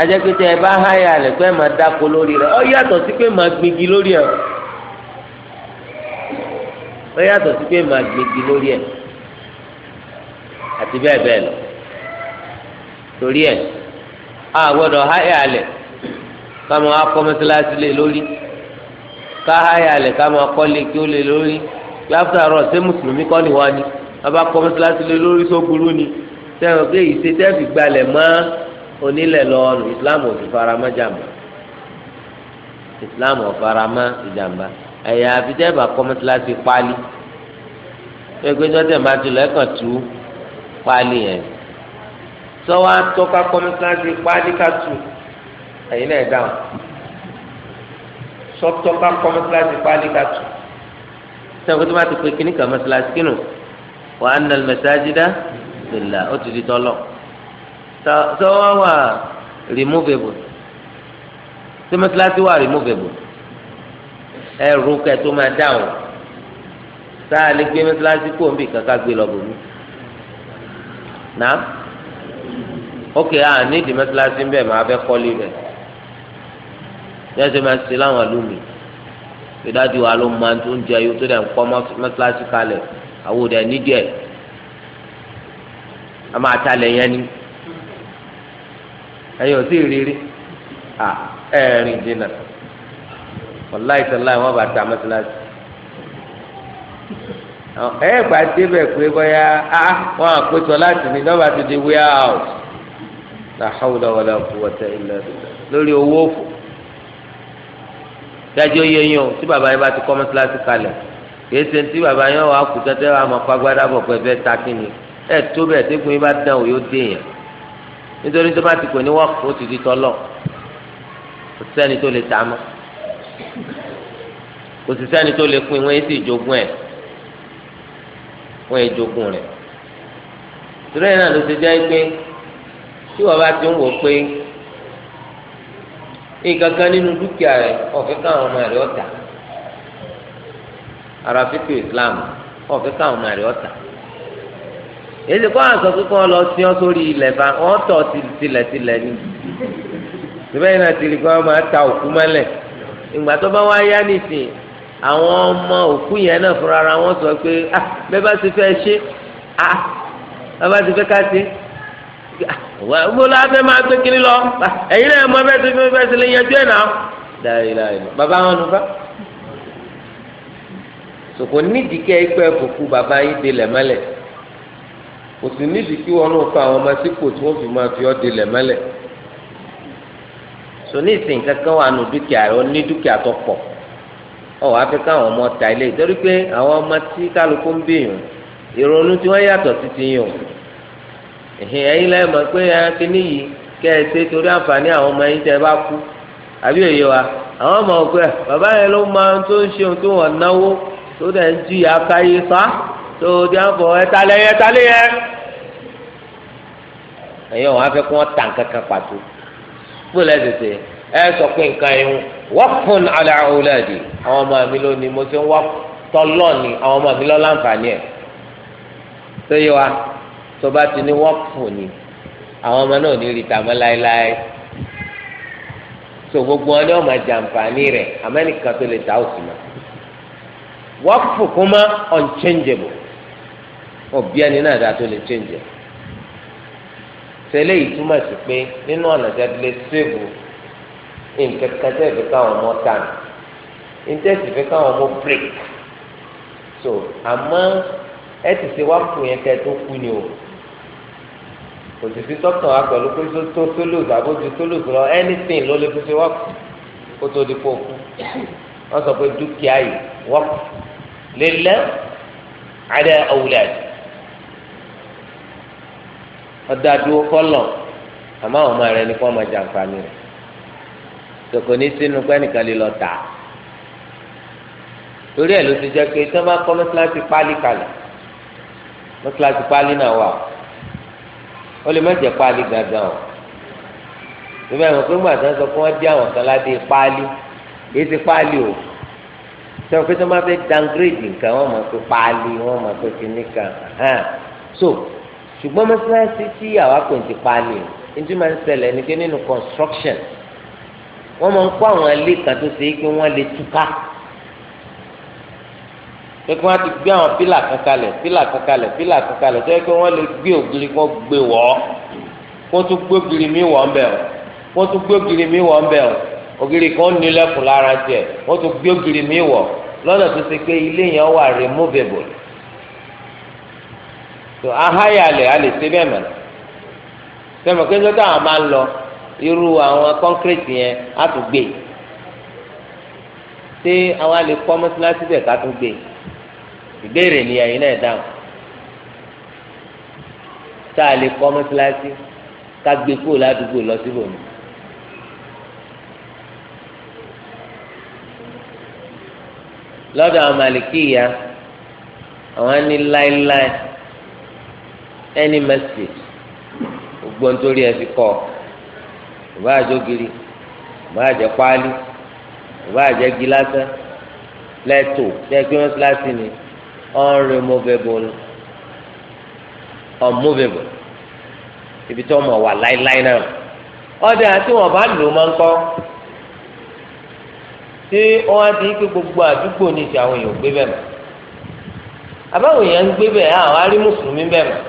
ajẹ́ ẹ bá háyà lẹ̀ pé ẹ máa dáko lórí rẹ̀ ọ yàtọ̀ sí pé gbégi lórí ẹ̀ o. ó yàtọ̀ sí pé màá gbégi lórí ẹ̀ àti bẹ́ẹ̀ bẹ́ẹ̀ lọ torí ẹ̀ a gbọ́dọ̀ háyà alẹ̀ ká máa kọ́ mẹ́sálásí lé lórí ká háyà alẹ̀ ká máa kọ́ lé kí ó lé lórí pé after all ṣé mùsùlùmí kọ́ ni wá ni bàbá kọ́ mẹ́sálásí lé lórí tó burú ni sẹ́wọ̀n pé ìṣe tẹ́ẹ̀fì gbalẹ̀ mọ́ onílẹ̀ lọ́ọ̀nù ìsìláàmù ò fi fara mọ́ jàmbá ìsìláàmù ò fara mọ́ ìjàmbá ẹ̀yà àfitẹ́bà kọ́mọ́síláṣí pálí pẹ̀gbẹ́ tọ́tẹ̀ máa ti lọ ẹ̀kàn tú pálí yẹn sọ́wọ́ atọ́ka kọ́mọ́síláṣí pálí ká tú ẹ̀yin náà dáhùn sọ́tọ́ka kọ́mọ́síláṣí pálí ká tú sọ́wọ́ tó bá ti pè kíní kọ́mọ́síláṣí kínú wa anna al-masajida lillah ó ti di tọ́lọ̀ sọ́wọ́ wà removable sọ́mọ́síláṣí wà removable ẹrù kẹ tó máa dáhùn tá a lè gbé mẹsàlásì kó nbì kankan gbé lọ bòmí náà ókè à nídìí mẹsàlásì bẹ́ẹ̀ máa fẹ́ kọ́lé rẹ̀ yẹ́sẹ̀ máa ṣe láwọn lómi ìdájú wa ló máa tó ń jẹ yóò tó dẹ̀ ń kọ́ mẹsàlásì kalẹ̀ àwọn òde nídìí ẹ̀ a máa talẹ̀ yẹn ni ẹ̀yin ò rírí à ẹ̀ẹ́rìn dínà wàláì sàláì wọn bá ta mọ́sálásí ẹ gbà débẹ̀ pé bóyá a ah, ah, wọn àpètò láti ní lọ́ba ti di way out la hawla wala quwwata illa billah lórí owó òfò dájọ́ yẹ yín o tí bàbá yín bá ti kọ́ mọ́sálásí kalẹ̀ kìí ṣe tí bàbá yín wà kú tẹ́tẹ́ wà mọ́ fagbádá bọ̀ pé bẹ́ẹ̀ ta kí ni ẹ tó bẹ́ẹ̀ tẹ́kùn yín bá dán o yóò dé yẹn nítorí tó bá ti pè ní wọ́ọ̀kù ó ti di tọ́lọ̀ kò sẹ́ni tó lè ta mọ́. kò sì sẹ́ni tó lè pín wọ́n sì jogún ẹ̀ wọ́n jogún rẹ̀ torí náà ló ṣe jẹ́ pé tí wọ́n ti ń wò pé nǹkankan nínú dúkìá rẹ̀ ọ̀fẹ́ káwọn ọmọ rẹ̀ ọ̀tà ara fífi Islam ọ̀fẹ́ káwọn ọmọ rẹ̀ ọ̀tà kọ́ àwọn sọ pé kọ́ lọ sí ọ sórí ilẹ̀ bá wọ́n tọ̀ ni náà ti rí ta òkú mọ́lẹ̀. ìgbà tó bá wá yá nìsín àwọn ọmọ òkú yẹn náà fúnra ara wọn sọ pé ah bẹ́ẹ̀ bá ti fẹ́ ṣe ah bẹ́ẹ̀ bá ti fẹ́ ká ṣe mo la fẹ́ máa gbé kiri lọ ah, ẹ̀yin náà mọ bẹ́ẹ̀ ti fẹ́ ṣe lè yẹjú ẹ̀ náà dáre la yẹn bàbá wọn nu bá sòkò nídìí kẹ́ ikú ẹ̀ fòkú bàbá yìí delẹ̀ mẹ́lẹ̀ kò sì nídìí kí wọn náà fa àwọn ọmọ sípò tí wọ́n fi máa fi ọ́ delẹ̀ mẹ́lẹ̀ sòní ìsìn kankan wà nù dúkìá rẹ ó ní dúkìá tó pọ̀ ọ wàá fẹ́ káwọn ọmọ ta ilé torí pé àwọn ọmọ tí kálukú ń bèèyàn ìrònú tí wọ́n yàtọ̀ sí ti yàn ẹ̀hìn ẹ̀yin lẹ́yìn mọ̀ pé ẹ̀ ah, kíní yìí kẹ́ ẹ ṣe torí àǹfààní àwọn ọmọ yín tẹ́ ẹ bá kú àbí òye wa àwọn ọmọ òkú ẹ̀ bàbá yẹn ló máa tó ń ṣe ohun tó wọ̀n náwó tó dẹ̀ ń ju ìyá káyé sá tó di àǹfọ̀ ẹ̀ta lẹ́yẹ ẹ̀ta lẹ́yẹ. ẹ̀yin wọn á fẹ́ gbọ́dọ̀ lẹ́sẹ̀sẹ̀ ẹ sọ pé nǹkan yẹn waqfun ala auladi àwọn ọmọ mi ló ní mo ti ń wá tọ́lọ́ ni àwọn ọmọ mi lọ́ láǹfààní ẹ̀ tó yẹ wa tó bá ti ní waqfun ni àwọn ọmọ náà ní rí tàmọ́ láéláé so gbogbo wọn ni wọn máa jàǹfààní rẹ̀ amẹ́ríkà tó lè ta òsì mọ́ waqfu kuma unchangeable òbí ẹni náà dá tó lè change it tẹ́lẹ̀ yìí túmọ̀ sí pé nínú ọ̀nà jáde sèbù nǹkan kan tẹ́ ìfẹ́ káwọn ọmọ tàn nǹkan tẹ́ ìfẹ́ káwọn ọmọ break so àmọ́ ẹ ti ṣe wá fún yẹn kẹ́ tó kú ni o kò sì sí tọ́kàn wa pẹ̀lú pé tó tólùs àbójú tólùs lọ anything ló lè fi ṣe wá kú kó tó di kó kú wọ́n sọ pé dúkìá yìí wọ́pù lè lẹ́ àdé àwùlẹ̀ àti ọ̀dà dúró fọlọ̀ àmọ́ àwọn ọmọ rẹ ní kó ọmọ jàǹfààní rẹ̀ tòkò ní sínú pé ẹnìkan lè lọ tà á torí ẹ̀ ló ti jẹ́ pé tí wọ́n bá kọ́ mọ́sálásí pálí kalẹ̀ mọ́sálásí pálí náà wà ó lè má jẹ́ pálí gangan o ìgbà ìwọ̀n pé gbàtà sọ pé wọ́n dí àwọn kan ládé pálí èyí ti pálí o tí pé tí bá fẹ́ downgrade nǹkan wọ́n mọ̀ pé pálí wọ́n mọ̀ pé kìnnìkan so ṣùgbọ́n mọ́sálásí tí àwa kò ti paálí o ní máa ń ṣẹlẹ̀ ni pé nínú construction wọ́n máa ń kó àwọn ilé kan tó ṣe é pé wọ́n lè túká pé kí wọ́n ti gbé àwọn pílà kan kalẹ̀ pílà kan kalẹ̀ pílà kan tó yẹ pé wọ́n lè gbé ògiri kó gbé wọ́ kó tún gbé ògiri mi wọ́ bẹ̀ o kó tún gbé ògiri mi wọ́ ń bẹ̀ o ògiri kan nílẹ̀kùn lára tiẹ̀ kó tún gbé ògiri mi wọ́ lọ́nà tó ṣe pé ilé yẹn wà removable tó ahayalẹ̀ a lè ṣe bẹ́ẹ̀ mọ̀ sẹ́mi pé sọ́tà àwọn máa ń lọ irú àwọn kọ́ńkírẹ́tì yẹn á tún gbé ṣé àwọn a lè kọ́ mọ́sálásí bẹ̀ ká tún gbé ìbéèrè ni ẹ̀yin náà dáhùn tá a lè kọ́ mọ́sálásí ká gbé kúrò ládùúgbò lọ síbòmí. lọ́dọ̀ àwọn màlìkì yá àwọn á ní láéláé any message gbogbo nítorí ẹ fi kọ ìbá àjọgiri ìbá àjẹ páálí ìbá àjẹ gíláṣẹ lẹtò lẹgbẹ wọn síláṣí ni unremovable unmovable ibi tí wọn mọ wà láíláí náà ọdẹ àti wọn bá lò máa ń kọ tí wọn á di pé gbogbo àdúgbò ní ti àwọn èèyàn gbé bẹ́ẹ̀ mọ́ àbáwọn èèyàn ń gbé bẹ́ẹ̀ àwọn arí mùsùlùmí bẹ́ẹ̀ mọ́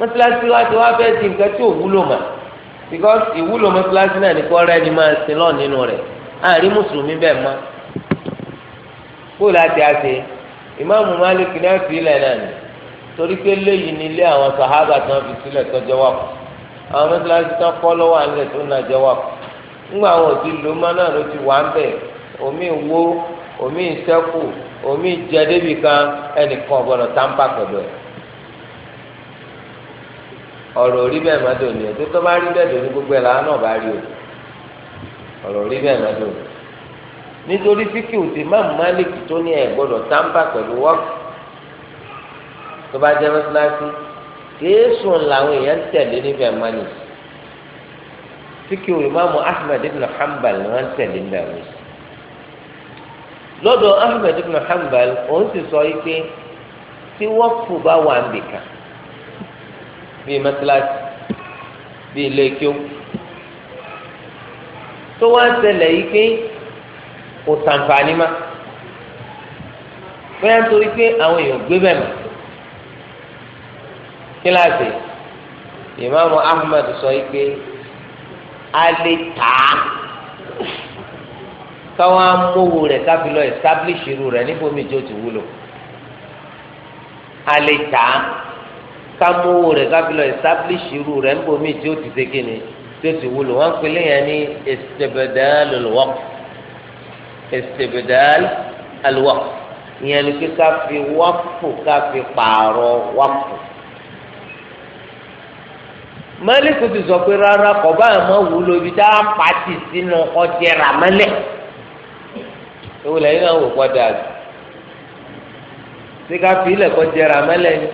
mọ́sálásí wa ti wá fẹ́ẹ́ di nǹkan tí ò wúlò mọ́ because ìwúlò mọ́sálásí náà ní kọ́ rẹ́ ni máa sin lọ́ọ̀ nínú rẹ̀ àárín mùsùlùmí bẹ́ẹ̀ mọ́ kóò láti àṣe ìmáàmù Malik náà fi ilẹ̀ náà ni torí pé léyìí ni ilé àwọn sàhábà tí wọ́n fi sílẹ̀ tọ́jọ́ wà kù àwọn mọ́sálásí tán kọ́ lọ́wọ́ àlẹ́ tó nà jẹ́ wà kù ńgbà àwọn òtí lò má náà ló ti wà ń bẹ̀ omi wo omi ìṣẹ́kù omi ìjẹ́débìkan ẹnìkan ọ̀gbọ́dọ̀ táǹpà ọ̀rọ̀ orí bẹ́ẹ̀ má dòní o tó bá rí bẹ́ẹ̀ dòní gbogbo ẹ̀ làwọn náà bá rí o ọ̀rọ̀ orí bẹ́ẹ̀ má dòní. nítorí fíkìú ti máàmù Malik tó ní ẹ̀ gbọ́dọ̀ táǹbà pẹ̀lú wọ́ọ̀kì tó bá jẹ́ mọ́sálásí kéésùn làwọn èèyàn ń Ahmed ibn Hanbal ni ń sọ yìí pé tí bíi mẹsàlásì bíi ilé kíó tó wá ń ṣẹlẹ̀ yìí pé kò sàǹfààní má bóyá nítorí pé àwọn èèyàn gbé bẹ́ẹ̀ mọ́ kíláàsì ìmáàmù Ahmad sọ yìí pé a lè tà á káwọn amówó rẹ̀ káfí lọ establish irú rẹ̀ níbo mi jó ti wúlò a lè tà á kámówó rẹ̀ káfílọ̀ establish irú rẹ̀ ń bomi tí ó ti ṣe kíni tí ó ti wúlò wọ́n ń pèlè yẹn ní istibdal al-waqf istibdal al-waqf ìyẹn ni pé ká fi wáfù ká fi pààrọ̀ wáfù. málìkù ti sọ pé rárá kò bá àmọ́ wúlò ibi tá a pàtì sínú ọjà ràmẹ́lẹ̀ ìwòlẹ́yìn náà wò pọ̀ dàgbà sí ká fi ilẹ̀ kọjá ràmẹ́lẹ̀ ni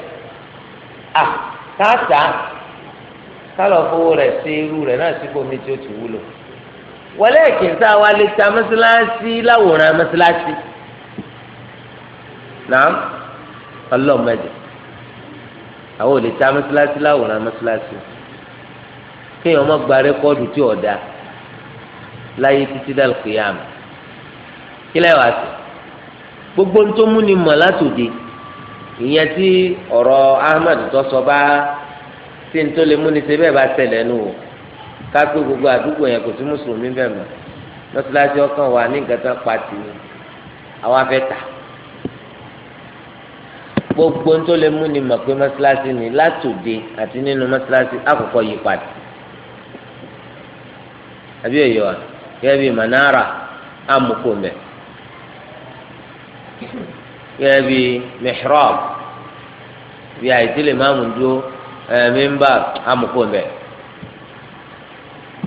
à káàtà kálọ̀ fowó rẹ̀ ṣe irú rẹ̀ náà sí bomi tí ó ti wúlò wọlé ìkìntà wa lè ta mọ́sálásí láwòrán mọ́sálásí nàá ọlọ́mọdé àwọn ò lè ta mọ́sálásí láwòrán mọ́sálásí kéèyàn má gba rẹ́kọ́ọ̀dù tí ọ̀dà láyé títí dàlùkìyàmù kílẹ̀ wá sí gbogbo ń tó ìyẹn tí ọ̀rọ̀ Ahmed tó sọ bá tí n tó lè múni ṣe bẹ́ẹ̀ bá tẹ̀lé nu o ká pé gbogbo àdúgbò yẹn kò sí mùsùlùmí bẹ́ẹ̀ mọ́ lọ́síláṣí ọkàn wà ní nǹkan tán pàtì àwọn afẹ́ tà gbogbo ń tó lè mú ni mọ̀ pé mọ́síláṣí ni látòde àti nínú mọ́síláṣí àkọ́kọ́ yí padà àbí òye wa gẹ́gẹ́ bí manara amukome gẹ́gẹ́ bí mihrab bí àìtílẹ̀ máa mú dúró mímbà amúkó mbẹ́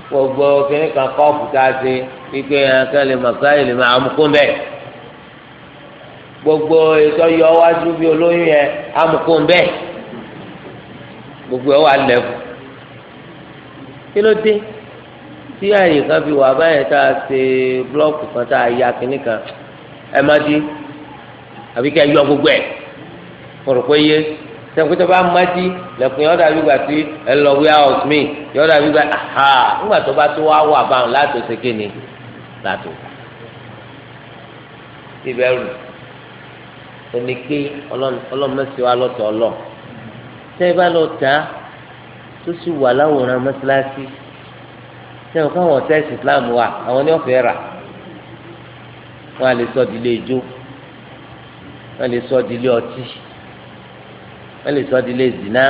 gbogbo kìnnì kan kọ́ọ̀pù tá a ṣe wípé akẹ́lẹ̀ màkáyìlì máa amúkó mbẹ́ gbogbo ètò yọ wájú bí olóyún yẹn amúkó mbẹ́ gbogbo ẹ̀ wà lẹ́kù kí ló dé tí àyè kan fi wà báyẹn tá a ṣe búlọ́ọ̀kù kan tá a ya kìnnì kan ẹ̀ má dín àbí kẹ́ yọ gbogbo ẹ̀ mo rò pé yé sẹ́kùtà bá mọ́tí lẹ́kùn yọ̀ọ́ dàbí gbà tí ẹ lọ warehouse mi yọ̀ọ́ dàbí gbà aha ńgbà tó bá tó wá wà báwọn látò sékè ni látò ìbẹ̀rù òní pé ọlọ́mọ̀sí wa lọ́tọ̀ ọlọ́ tẹ́ ẹ bá lọ tà á tó sì wà láwòrán mọ́sálásí tẹ́ ẹ káwọn ọ̀tá ẹ̀sìn Islam wa àwọn ní ọ̀fẹ́ rà wọ́n á lè sọ ìdílé ijó. So wọ́n lè sọ di ilé ọtí wọ́n lè sọ di ilé zina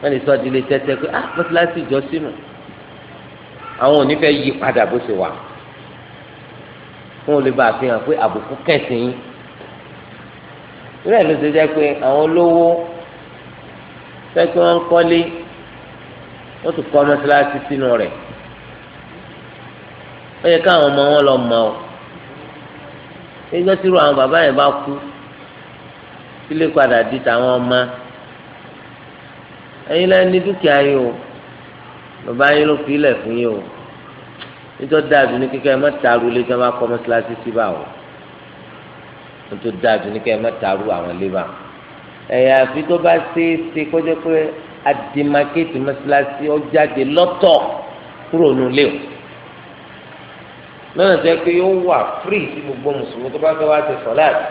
wọ́n lè sọ di ilé tẹ́tẹ́ pé ah mọ́tíláṣí ìjọsìn nù àwọn òní fẹ́ yí padà bó ṣe wà fún olè bá àfihàn pé àbùkù kẹsìn yín ìrẹ́lẹ̀ ló ṣe jẹ́ pé àwọn olówó fẹ́ kí wọ́n ń kọ́lé wọ́n tún kọ́ mọ́tíláṣí sínú rẹ̀ ó yẹ káwọn ọmọ wọn lọ mọ ọ nígbà tí irú àwọn bàbá yẹn bá kú sílé padà di tàwọn ọmọ ẹ̀yin lẹ ní dúkìá yìí o bàbá yín ló fi ilẹ̀ fún yín o nítorí dáàbì ní kíkẹ́ ẹ má taru ilé tí wọ́n bá kọ́ mọ́síláṣí sí bá o nítorí dáàbì ní kíkẹ́ ẹ má taru àwọn ilé bá ẹ̀yà àfi tó bá ṣe é ṣe kọjá pé àdèmàkéètì mọ́síláṣí ó lọ́tọ̀ kúrò nílé o lọ́nà tó yẹ pé yóò wà fírì sí gbogbo mùsùlùmí tó bá fẹ́ wá ti sọ̀láàtì.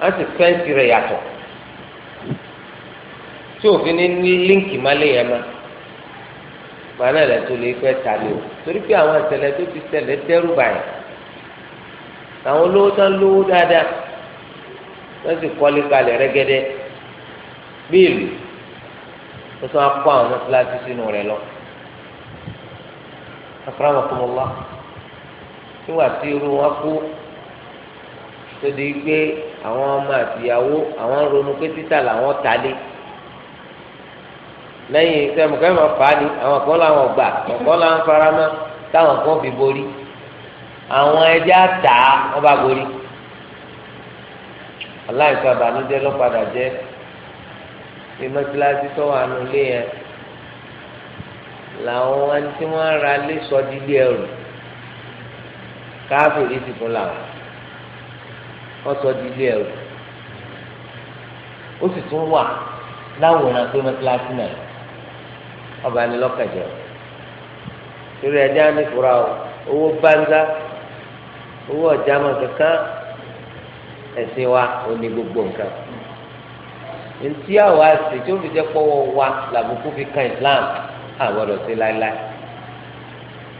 asi sì fẹ́ǹsì yatɔ yàtọ̀ tí òfin ní líǹkì má lè yẹn ma gbaná rẹ̀ tó lè ta lé o torí pé àwọn ìṣẹ̀lẹ̀ tó ti ṣẹlẹ̀ dẹ́rù báyìí àwọn olówó tán lówó dáadáa wọ́n sì kọ́lé kalẹ̀ rẹ́gẹ́dẹ́ bí ìlú wọ́n tún àwọn sínú rẹ lọ. akramakumullah di gbé. àwọn ọmọ àtìyàwó àwọn ronú pé títà làwọn ta lé lẹ́yìn sẹ́mu kẹ́ mọ̀ fà á ni àwọn kan làwọn gbà ọ̀kan làwọn faramọ́ táwọn kan fi borí àwọn ẹja tà á wọ́n bá borí aláìsàn àbànújẹ́ ló padà jẹ́ bí mọ́tíláṣí tó wà nù lé yẹn làwọn tí wọ́n ra lé sọ di lé ẹrù káfíìrì ti fún làwọn ọsọ di ilé ẹrù ó sì tún wà láwòrán pé mẹtíláṣí náà ọba ni lọkàjẹ torí ẹjẹ àníkùrà owó bánzá owó ọjà mọ kankan ẹsìn wa ò ní gbogbo nǹkan ntí àwa sì tí ó fi jẹ pọwọ wa làbùkù fi kan Islam àgbọ́dọ̀ sí láéláé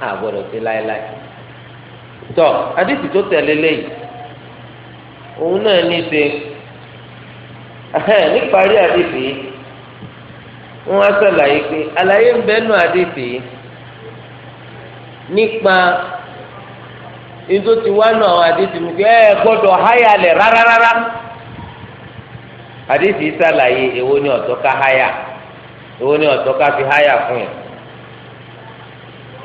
àgbọ́dọ̀ sí láéláé tọ adéṣì tó tẹ̀lé lẹ́yìn. òun náà ní ṣe níparí àdìsí wọn á ṣàlàyé pé àlàyé ń bẹ àdìsí nípa nítorí tí wàá nù àwọn àdìsí mi pé ẹ gbọ́dọ̀ háyà lẹ rárá àdìsí èwo ni ọ̀tọ̀ ká háyà èwo ni ọ̀tọ̀ ká fi háyà fún yẹn.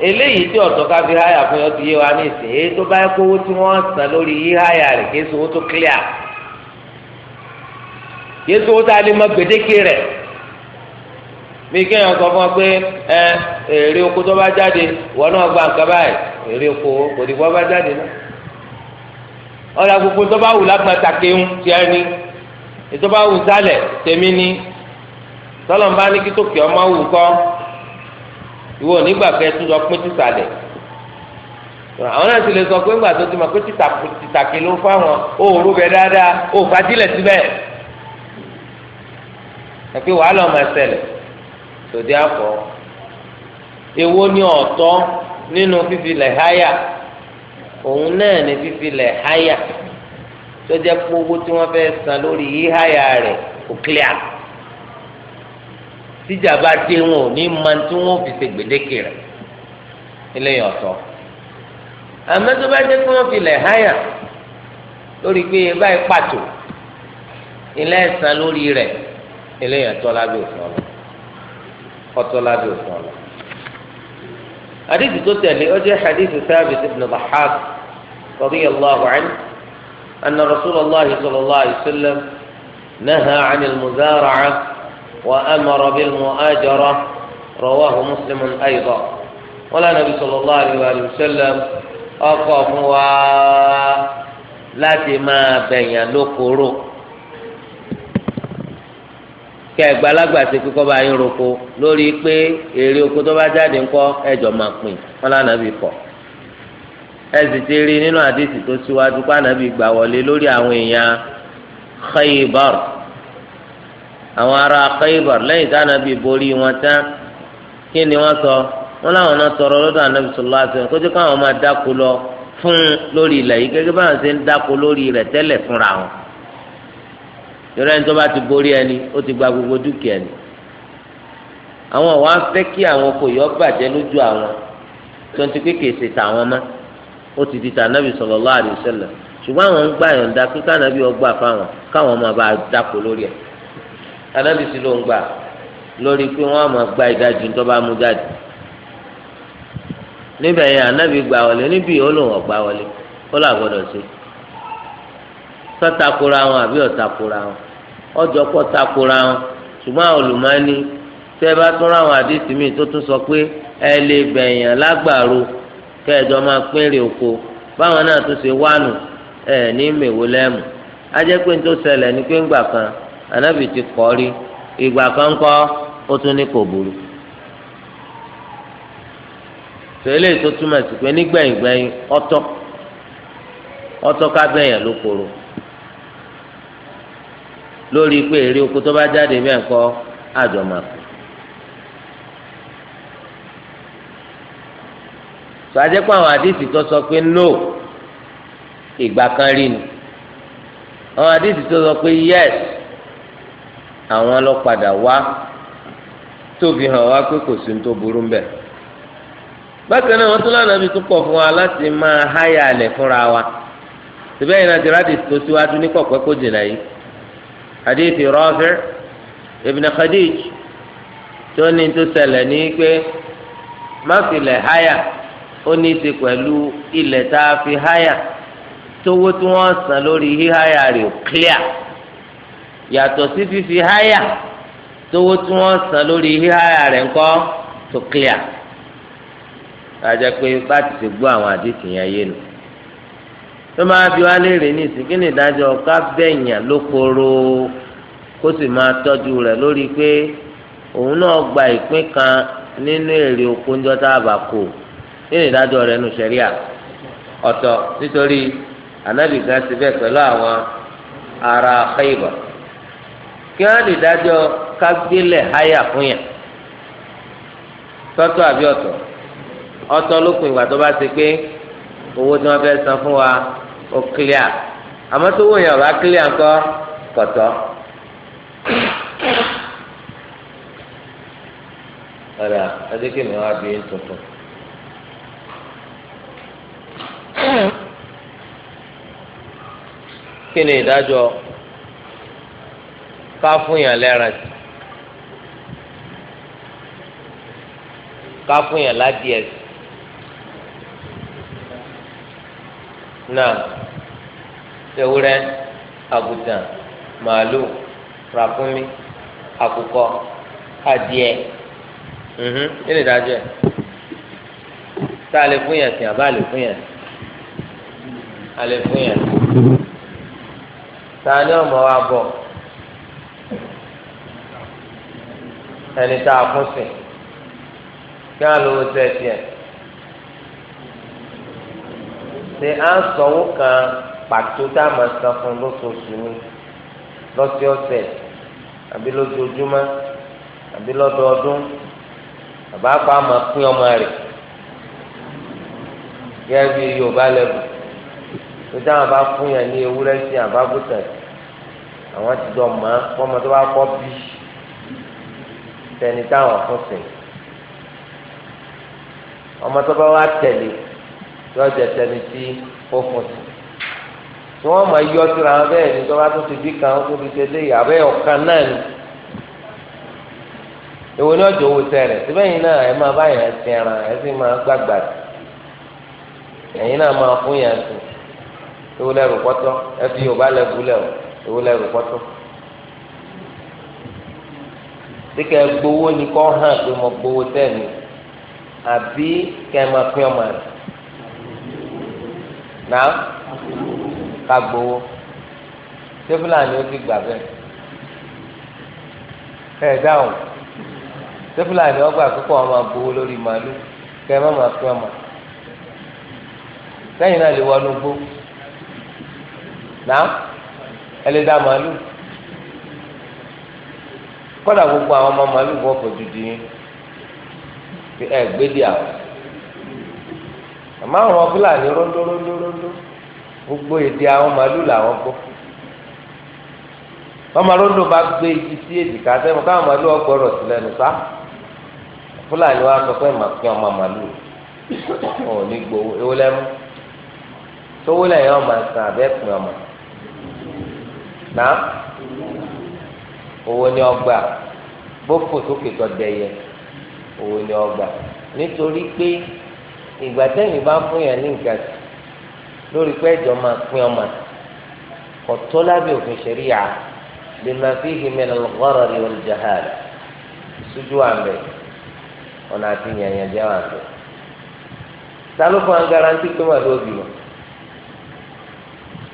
eléyìí tí ọ̀tọ̀ ká fi háyà fún yọ ti yé wa ní ìsìn èyí tó bá kówó tí wọ́n san lórí yí háyà rẹ̀ kí sowó tó clear kí sowó tá a lè mọ gbèdéke rẹ̀ bí kéèyàn sọ fún ọ pé ẹ èrè oko tó bá jáde wọn náà gba nǹkan báyìí èrè oko kò dìbò bá jáde náà ọ̀rọ̀ àgbègbè tó bá wù lágbọ̀n tàkì ń tiẹ̀ ni ètò bá wù sálẹ̀ tèmi ni tọ́lọ̀ bá ní kí tó kì ọ́ máa wù kọ́ ìwọ nígbà kẹ tún lọ pín títàlẹ̀ àwọn náà sì lè sọ pé ńgbà tó ti mọ̀ pé títàkì ló fáwọn òòrùn bẹ dáadáa ó fagilẹ̀ síbẹ̀ ẹ pé wàhálà ọmọ ẹsẹ̀lẹ̀ tòdí àpọ̀ èwo ni ọ̀tọ̀ nínú fífi lẹ̀ háyà òun náà ní fífi lẹ̀ háyà tó jẹ́ pé owó tí wọ́n fẹ́ san lórí yíháyà rẹ̀ kò clear tíjà bá dé wọn ò ní máa tí wọn fi ṣe gbèdéke rẹ̀ eléyìí ọ̀tọ̀ àmọ́ tó bá dé kí wọn fi lẹ̀ háyà lórí pé báyìí pàtó ilé ẹ̀sán lórí rẹ̀ eléyìí ọ̀tọ̀ lábẹ́ òfin ọlọ ọ̀tọ̀ lábẹ́ òfin ọlọ. حديث تتلي أجل حديث ثابت بن ضحاك رضي الله عنه أن رسول الله صلى الله عليه وسلم نهى عن المزارعة وأمر بالمؤاجرة رواه مسلم أيضا ولا نبي صلى الله عليه وسلم أقف láti máa bẹ̀yàn lókòrò kí ẹgbàlagbà ti kú kọ́ba yín roko lórí pé èrè oko tó bá jáde ńkọ́ ẹjọ́ máa pín wọn lánàbí kọ́ ẹ sì ti rí nínú àdìsí tó síwájú pé ànábì gbà wọlé lórí àwọn èèyàn Khaybar àwọn ará Khaybar lẹ́yìn tá ànábì borí wọn tán kí ni wọ́n sọ wọn láwọn náà tọrọ lọ́dọ̀ ànábì sallallahu alaihi wasallam kójú káwọn máa dáko lọ fún lórí ilẹ̀ yìí gẹ́gẹ́ báwọn ṣe ń dáko lórí rẹ̀ tẹ́lẹ̀ fúnra wọn yọrọ ẹni tó bá ti borí ẹni ó ti gba gbogbo dúkìá ẹni àwọn wa fẹ́ kí àwọn oko yọ bàjẹ́ lójú àwọn tó ń ti pé kèsì tàwọn mọ́ ó ti di tànàbì sallallahu alaihi wasallam ṣùgbọ́n àwọn ń gbà yọ̀ǹda pé kànàbì ọgbà fáwọn káwọn máa bá dáko lórí ẹ̀ anábì si ló ń gbà lórí pé wọ́n gba ìdajì tó bá mú jáde níbẹ̀ yẹn anábì gbà wọlé níbi olóhùn ọ̀gbà wọlé ó là gbọ́dọ̀ ṣe tọ́takora wọn àbí ọ̀takora wọn ọjọ́ pọ̀ takora wọn ṣùgbọ́n àwọn olùmọ́ni tẹ́ bá tún ra àwọn àdìsí mi tó tún sọ pé ẹ lè bẹ̀yàn lágbàro kẹjọ máa oko báwọn náà tún ṣe wánu ẹ ní mèwó lẹ́mù ajẹ́pẹ́ tó ṣẹlẹ̀ kan anabi ti kọ́ rí ìgbà kan kọ́ ó tún ní kò burú tẹ́lẹ̀ tó túmọ̀ sí pé nígbẹ̀yìn gbẹ̀yìn ọ̀tọ̀ ọ̀tọ̀ ká bẹ̀yàn ló koro lórí pé èrè oko tó bá jáde bẹ́ẹ̀ kọ́ àjọmọ̀ kù. sọ́jà pé àwọn àdìsí tó sọ pé no ìgbà kan rí ni àwọn àdìsí tó sọ pé yes. àwọn lọ padà wá tó hàn wá pé kò sí ní tó burú mbẹ bákan náà wọn tún lánàá bí tún kọ fún wa láti máa háyà alẹ fúnra wa síbẹ̀ yìí náà jìrádì tó síwájú ní kọ̀pẹ́ kó jìnnà yìí hadithi Rafi' ibn Khadij tó ní tó ṣẹlẹ̀ ní pé máfìlẹ̀ háyà ó ní í ṣe pẹ̀lú ilẹ̀ tá a fi háyà tówó tí wọ́n san lórí híháyà rẹ̀ clear. yàtọ̀ sí fífi háyà tówó tí wọ́n san lórí híháyà rẹ̀ ńkọ́ tó clear kájà pé bá ti ṣe gbọ́ àwọn àdéhùn yẹn yé nu tó máa fi wá léèrè ní ìsìn kí ni ìdájọ́ ká bẹ̀yàn lókoro kó sì máa tọ́jú rẹ̀ lórí pé òun náà gba ìpín kan nínú èrè oko ńjọ́ tá a bá kó kí ni ìdájọ́ rẹ̀ nu ṣẹ̀ríà ọ̀tọ̀ nítorí ànábìgá ti bẹ́ẹ̀ pẹ̀lú àwọn ará Khaybar kí wọ́n lè dájọ́ kágbélẹ̀ háyà fún yẹn tọ́tọ́ àbí ọ̀tọ̀ ọ̀tọ̀ lópin ìgbà tó bá ṣe pé owó tí wọ́n fẹ́ san fún wa ó kílíà àmọ́ tó wò yẹn ọ̀rá kílíà ńkọ́ kọ̀tọ́. ọ̀rà adékèmí wa bí ń tuntun. kí ni ìdájọ́? ká fún yàn lẹ́ran sí ká fún yàn ládìẹ sí náà ewúrẹ́ àgùtàn màálù ràkúnmí àkùkọ adìẹ mhm, kí ni ìdájọ́ ẹ̀ tá a lè fún yàn sí àbá a lè fún yàn sí a lè fún yàn sí ta ni ọmọ wa bọ̀. ẹni tá a kún sí kí á lówó tẹ tiẹ̀ ṣe à ń sanwó kan pàtó tá a máa san fún lóṣooṣù ni lọ́sọ̀ọ̀sẹ̀ àbí lójoojúmọ́ àbí lọ́dọọdún bàbá kọ́ àmọ́ pín ọmọ rẹ̀ gẹ́gẹ́ bí yorùbá lẹ́bù tó dáhùn bá fún yàn ní ewúrẹ́ sí àbábùtà àwọn ti dọ̀ mọ́ fọmọ tó bá kọ́ bí tẹni táwọn fún sìn ọmọ tó bá wá tẹ̀lé yóò jẹ tẹni tí ó fún sìn tí wọ́n máa yọ síra wọn bẹ́ẹ̀ ni tó bá tún ti bí kan ó tún ti ṣe lé ìyàwó ẹ̀ ọ̀kan náà ni èwo ni ọjọ́ owó sẹ rẹ síbẹ̀ yìí náà ẹ máa bá yẹn sin ẹran ẹ sì máa gbàgbà ẹ̀yin náà máa fún yẹn sùn èwo lẹ́rù pọ́tọ́ ẹ fi Yorùbá lẹ́gùn lẹ́rù èwo lẹ́rù pọ́tọ́ bí kẹ́ ẹ gbowó ni kọ́ hàn pé mo gbowó tẹ̀mí àbí kẹ́ ẹ máa pín ọmọ rẹ̀ náà ká gbowó ṣé fúlàní ó ti gbà bẹ́ẹ̀ ẹ dáhùn ṣé fúlàní ọgbà púpọ̀ ọmọ gbowó lórí màálù kẹ́ ẹ má máa pín ọmọ sẹ́yìn náà lè wọnú gbó náà ẹ lè dá màálù. kọ́dà gbogbo àwọn ọmọ màálù bọ́ fojú di ẹ gbédè àwọn àmọ́ àwọn fúlàní ròndó gbogbo èdè àwọn màálù làwọn gbọ́ ọmọ ròndó bá gbé igi sí káwọn màálù ọgbọ́rọ̀ sílẹ̀ fúlàní wa sọ pé màá pín ọmọ màálù ò ní gbowó ewu lẹ́mú tówó lẹ́yìn ọmọ ẹ̀sán abẹ́ pín owó ní ọgbà bófò sókè tó dẹyẹ owó ní ọgbà nítorí pé ìgbà tẹ́yìn bá fún yẹn ní nǹkan lórí pé ẹ̀jọ̀ máa pín ọmọ kọ̀tọ́ lábẹ́ òfin ṣẹ̀ríyà lè máa fi ìhìnmẹ́ lọ́rọ̀ rí olùjáhàr sójú àmì ọ̀nà àti yẹ̀yẹ̀ jẹ́ àmì. ta ló fún garanti pé wà lóbi wọn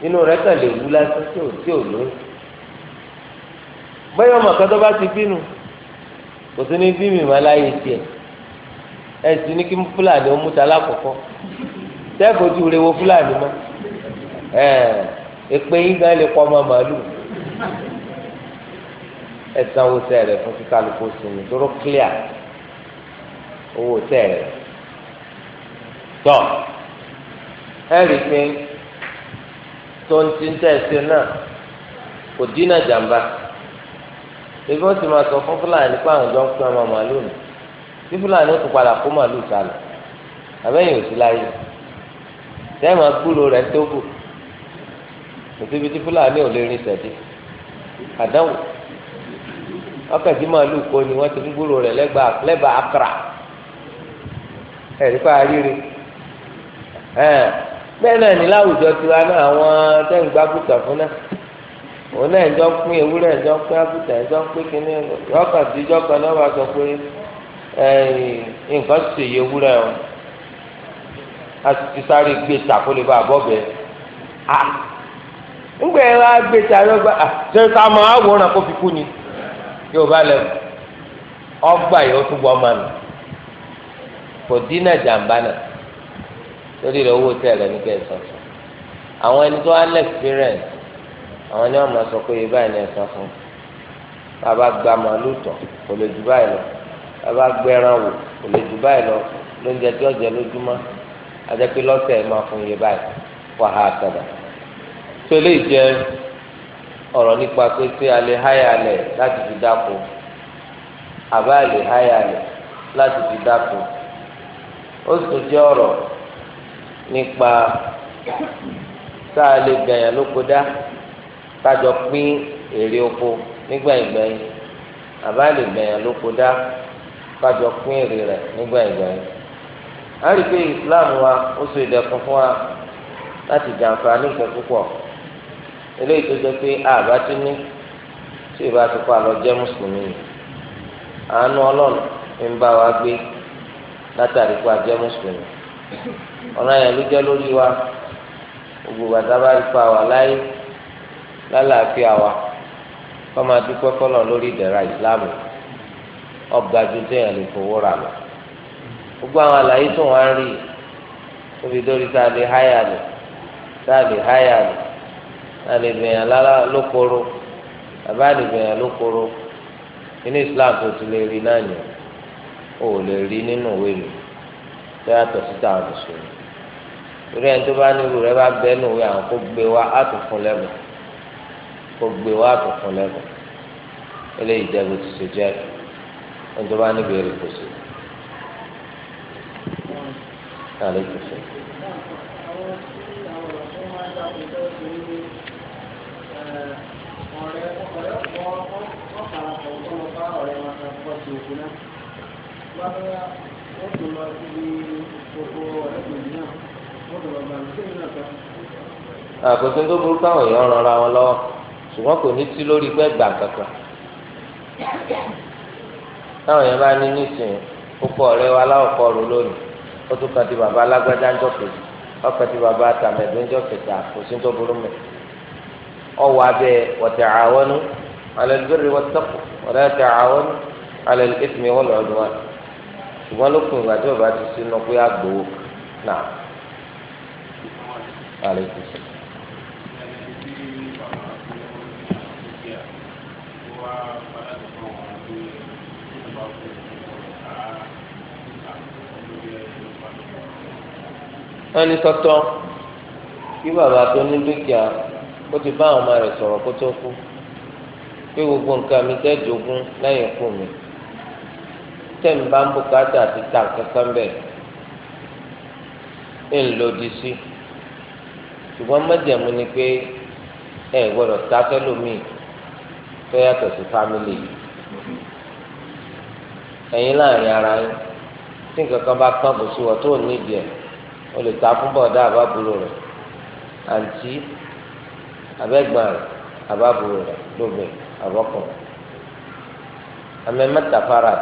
inú rẹ̀ kàn lè wú lásán tí ò bẹ́ẹ̀ ọmọ kan tó bá ti bínú kò sí ní bí mi máa láyé tiẹ̀ ẹ sì ní kí fúlàní ó múta lákòókò tẹ́ẹ̀fọ́jú rẹ wo fúlàní mọ́ ẹ èpè yín gan lè kọ́ ọmọ màálù ẹ sanwó sẹ́ẹ̀rẹ̀ fún kíkálukú sinmi tóró clear owó sẹ́ẹ̀rẹ̀ tọ́ ẹ rí i pé tó ń ti ń tẹ̀sí náà kò dínà jàmbá ebi wọ́n ti máa sọ fún fúlàní pé àwọn jọ ń pín ọmọ màálù nù tí fúlàní ó tún padà kó màálù sálọ àbẹ́yìn òsì láyé sẹ́ẹ̀mà gbúrò rẹ̀ tó kù òsibí tí fúlàní ò lè rin tẹ̀dí àdáwò ọkàtí màálù kọ ni wọ́n ti ń gbúrò rẹ̀ lẹ́gbàá àkàrà ẹ̀rí pa àríire bẹ́ẹ̀ náà ní láwùjọ tiwa náà àwọn tẹ́ǹgbà kùtà fún náà. òun náà ẹjọ ń pín ewúrẹ́ ẹjọ pín àgùtà ẹjọ pín kínní yọkà sí ìjọ kan náà wàá sọ pé nǹkan ti ṣèyí ewúrẹ́ o a sì ti sáré gbé ta kó lè bá a a ẹ wá gbé ta yọ a ṣe mọ àwòrán kó fi kú ni yóò bá lẹ àwọn ni wọn máa sọ pé ibà ni fún bàbá gba màálùú tọ̀ kò lè jù báyìí lọ bàbá gbẹran wò kò lè jù báyìí lọ lóúnjẹ tí ọ̀jẹ̀ máa fún iye báyìí wà á tó lè jẹ a lè háyà láti fi dáko àbá lè háyà lẹ̀ láti fi dáko ó sì ọ̀rọ̀ nípa tá a lè kájọ pín èrè oko nígbẹ̀yìngbẹ̀yìn àbá lè gbẹ̀yàn lóko dá kájọ pín èrè rẹ̀ nígbẹ̀yìngbẹ̀yìn a rí i pé Islam wa ó so ìdẹ̀kùn fún wa láti jàǹfà púpọ̀ eléyìí tó pé àbá ní tí ìbá ti kọ́ àlọ́ jẹ́ mùsùlùmí yìí àánú ọlọ́run ń bá wa gbé látàrí pé a jẹ́ mùsùlùmí bá lálàáfíà wa kọ́ máa dúpẹ́ fọlọ́ lórí ìdẹ̀ra ìsìláàmù ọgbà ju téèyàn lè fowó rà lọ gbogbo àwọn àlàyé tó wọn rí tá a lè háyà lò tá a lè háyà lò tá a Islam tó ti lè rí náà o ò lè rí nínú òwe mi tó yàtọ̀ síta àwọn mùsùlùmí torí ẹni tó bá nílùú kó gbé wá àtúnfún lẹ́kọ̀ọ́ eléyìí jẹ́ bó ti ṣe jẹ́ ẹjọ́ bá níbi èrè kò sí. àkóso tó burúkú àwọn èèyàn rọra wọn lọ́wọ́ ṣùgbọ́n kò ní sí lórí pé gbà kankan táwọn yẹn bá ní nísìnyí ó kọ ọ̀rẹ́ wa láwọn kọ ọ̀rọ̀ lónìí ó tún kàn ti bàbá alágbádá ń jọkè ọkàn ti bàbá tàmẹdó ń jọkè tà kò sí tó burú mẹ ọwọ abẹ wọtẹ àwọn alẹ lórí wọtẹkù wọlé tẹ àwọn alẹ ẹtùmí wọn lọ ọdún wa ṣùgbọ́n ló kùn ìgbà tí bàbá ti sínú pé àgbò náà. wọ́n ní sọ́tọ́ kí bàbá tó ní dúkìá ó ti bá àwọn ọmọ rẹ̀ sọ̀rọ̀ kó tó kú pé gbogbo nǹkan mi tẹ́ jogún lẹ́yìn ikú mi tẹ́mi bá ń bùkátà àti ta kankan bẹ́ẹ̀ ń lòdì sí ṣùgbọ́n mọ́jẹ̀mú ni pé ẹ gbọ́dọ̀ ta fẹ́lòmíì tó yàtọ̀ sí fámìlì ẹ̀yin láàrin ara yín tí nǹkan kan bá kán kò sí tó ní ẹ̀ o lè ta fún bọ̀dá àbábúrò rẹ̀ àǹtí abẹ́gbọ̀n rẹ̀ àbábúrò rẹ̀ lóbìn àbọ̀kùn amẹ́mẹ́ta fara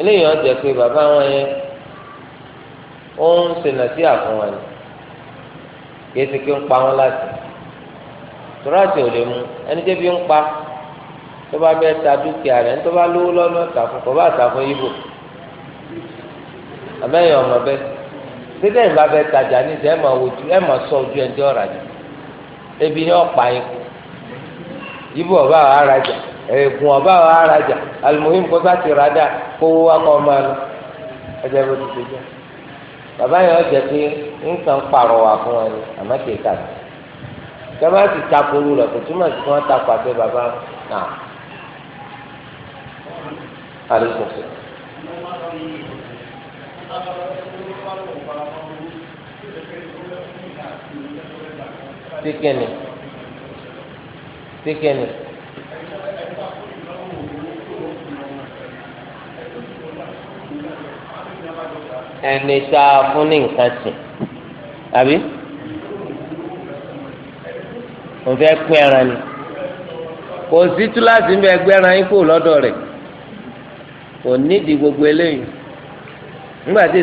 eléyìí wọ́n jẹ́ pé bàbá wọn yẹn ó ń sènà sí àfún wọn ni kìí ṣe kí ń pa wọn láti tòrọ́ọ̀tì ò lè mú ẹni tẹ́bi ń pa tó bá bẹ́ẹ̀ ta dúkìá rẹ̀ ní tó bá lówó lọ́nà ọ̀tà fún kò bá ta fún yíbò àbẹ́yẹn ọmọ bẹ́ẹ̀ sílẹ̀ ìgbà bẹ tajà ní ìsẹ́ ẹ̀ máa wojú ẹ̀ máa sọ ojú ẹjọ́ ọ̀rajà ebi ni ọ̀pá yín ibu ọba àwọn arajà ẹ̀gùn ọba àwọn arajà alùmọ́yìn kó bá ti rádà kówó wá kọ́ máa lọ ẹjẹ bó ti ṣe jẹ bàbá yẹn ọjà pé nǹkan pàrọwà fún wọn ni àmọ́ kì kà sí kẹ́mà sì takoru rẹ̀ kò túmọ̀ sí kí wọ́n takò àti bàbá náà. Alẹ́ tíkẹ́ni tíkẹ́ni. ẹni tá a fún ní nǹkan sìn àbí òun fẹ́ pín ẹran ni kò sí túláàsì ń bẹ ẹgbẹ́ ẹran yín kúrò lọ́dọ̀ rẹ̀ kò nídìí gbogbo eléyìí nígbà tí